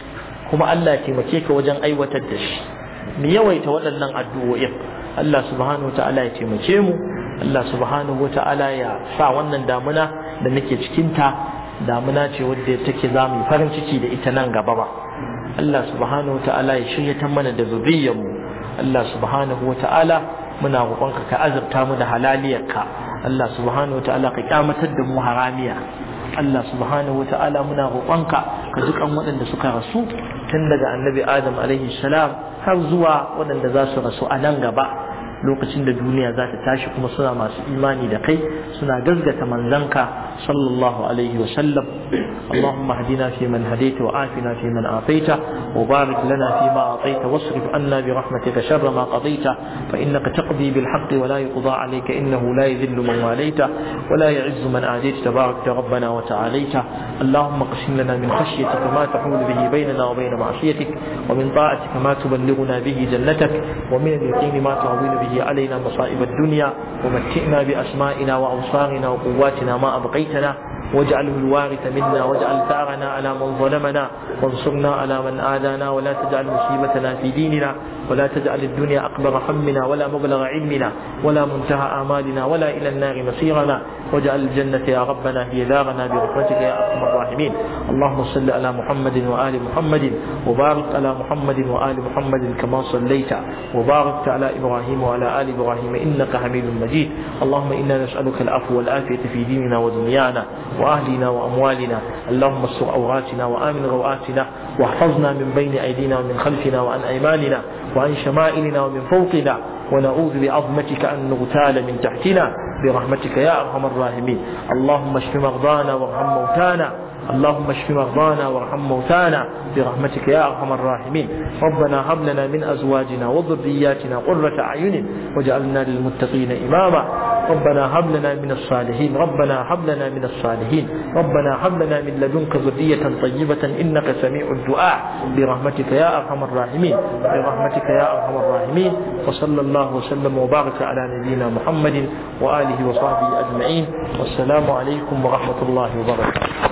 kuma Allah ya taimake ka wajen aiwatar da shi mu yawaita waɗannan addu'o'in Allah subhanahu ta'ala ya taimake mu Allah subhanahu ta'ala ya sa wannan damuna da nake cikinta damuna ce wadda take za mu farin ciki da ita nan gaba ba Allah subhanahu wa ta'ala ya ta mana da zuriyar mu Allah subhanahu wa ta'ala muna roƙonka ka azurta mu da halaliyarka Allah subhanahu wa ta'ala ka kyamatar da mu haramiya Allah subhanahu wa ta'ala muna roƙonka ka duka waɗanda suka rasu tun daga annabi Adam alaihi salam har zuwa waɗanda za su rasu a nan gaba lokacin da duniya za ta tashi kuma suna masu imani da kai suna gazgata manzanka sallallahu alaihi wasallam Allahumma hadina fi man hadaita wa afina fi man afaita wa barik lana fi ma wasrif anna bi rahmatika sharra ma qadaita fa innaka taqdi bil haqqi wa la yuqda alayka innahu la yadhillu man walaita wa la yu'izzu man adaita rabbana wa ta'alaita اللهم اقسم لنا من خشيتك ما تحول به بيننا وبين معصيتك ومن طاعتك ما تبلغنا به جنتك ومن اليقين ما به وجعله علينا مصائب الدنيا ومتئنا بأسمائنا وأبصارنا وقواتنا ما أبقيتنا واجعله الوارث منا واجعل ثارنا على من ظلمنا وانصرنا على من آذانا ولا تجعل مصيبتنا في ديننا ولا تجعل الدنيا أكبر همنا ولا مبلغ علمنا ولا منتهى آمالنا ولا إلى النار مصيرنا واجعل الجنة يا ربنا هي دارنا برحمتك يا أرحم الراحمين اللهم صل على محمد وآل محمد وبارك على محمد وآل محمد كما صليت وباركت على إبراهيم وعلى آل إبراهيم إنك حميد مجيد اللهم إنا نسألك العفو والعافية في ديننا ودنيانا وأهلنا وأموالنا اللهم استر أوراتنا وآمن روآتنا واحفظنا من بين أيدينا ومن خلفنا وعن أيماننا وعن شمائلنا ومن فوقنا ونعوذ بعظمتك أن نغتال من تحتنا برحمتك يا أرحم الراحمين اللهم اشف مرضانا وارحم موتانا اللهم اشف مرضانا وارحم موتانا برحمتك يا ارحم الراحمين ربنا هب لنا من ازواجنا وذرياتنا قرة اعين واجعلنا للمتقين اماما ربنا هب لنا من الصالحين ربنا هب لنا من الصالحين ربنا هب لنا من لدنك ذرية طيبة انك سميع الدعاء برحمتك يا ارحم الراحمين برحمتك يا ارحم الراحمين وصلى الله وسلم وبارك على نبينا محمد واله وصحبه اجمعين والسلام عليكم ورحمة الله وبركاته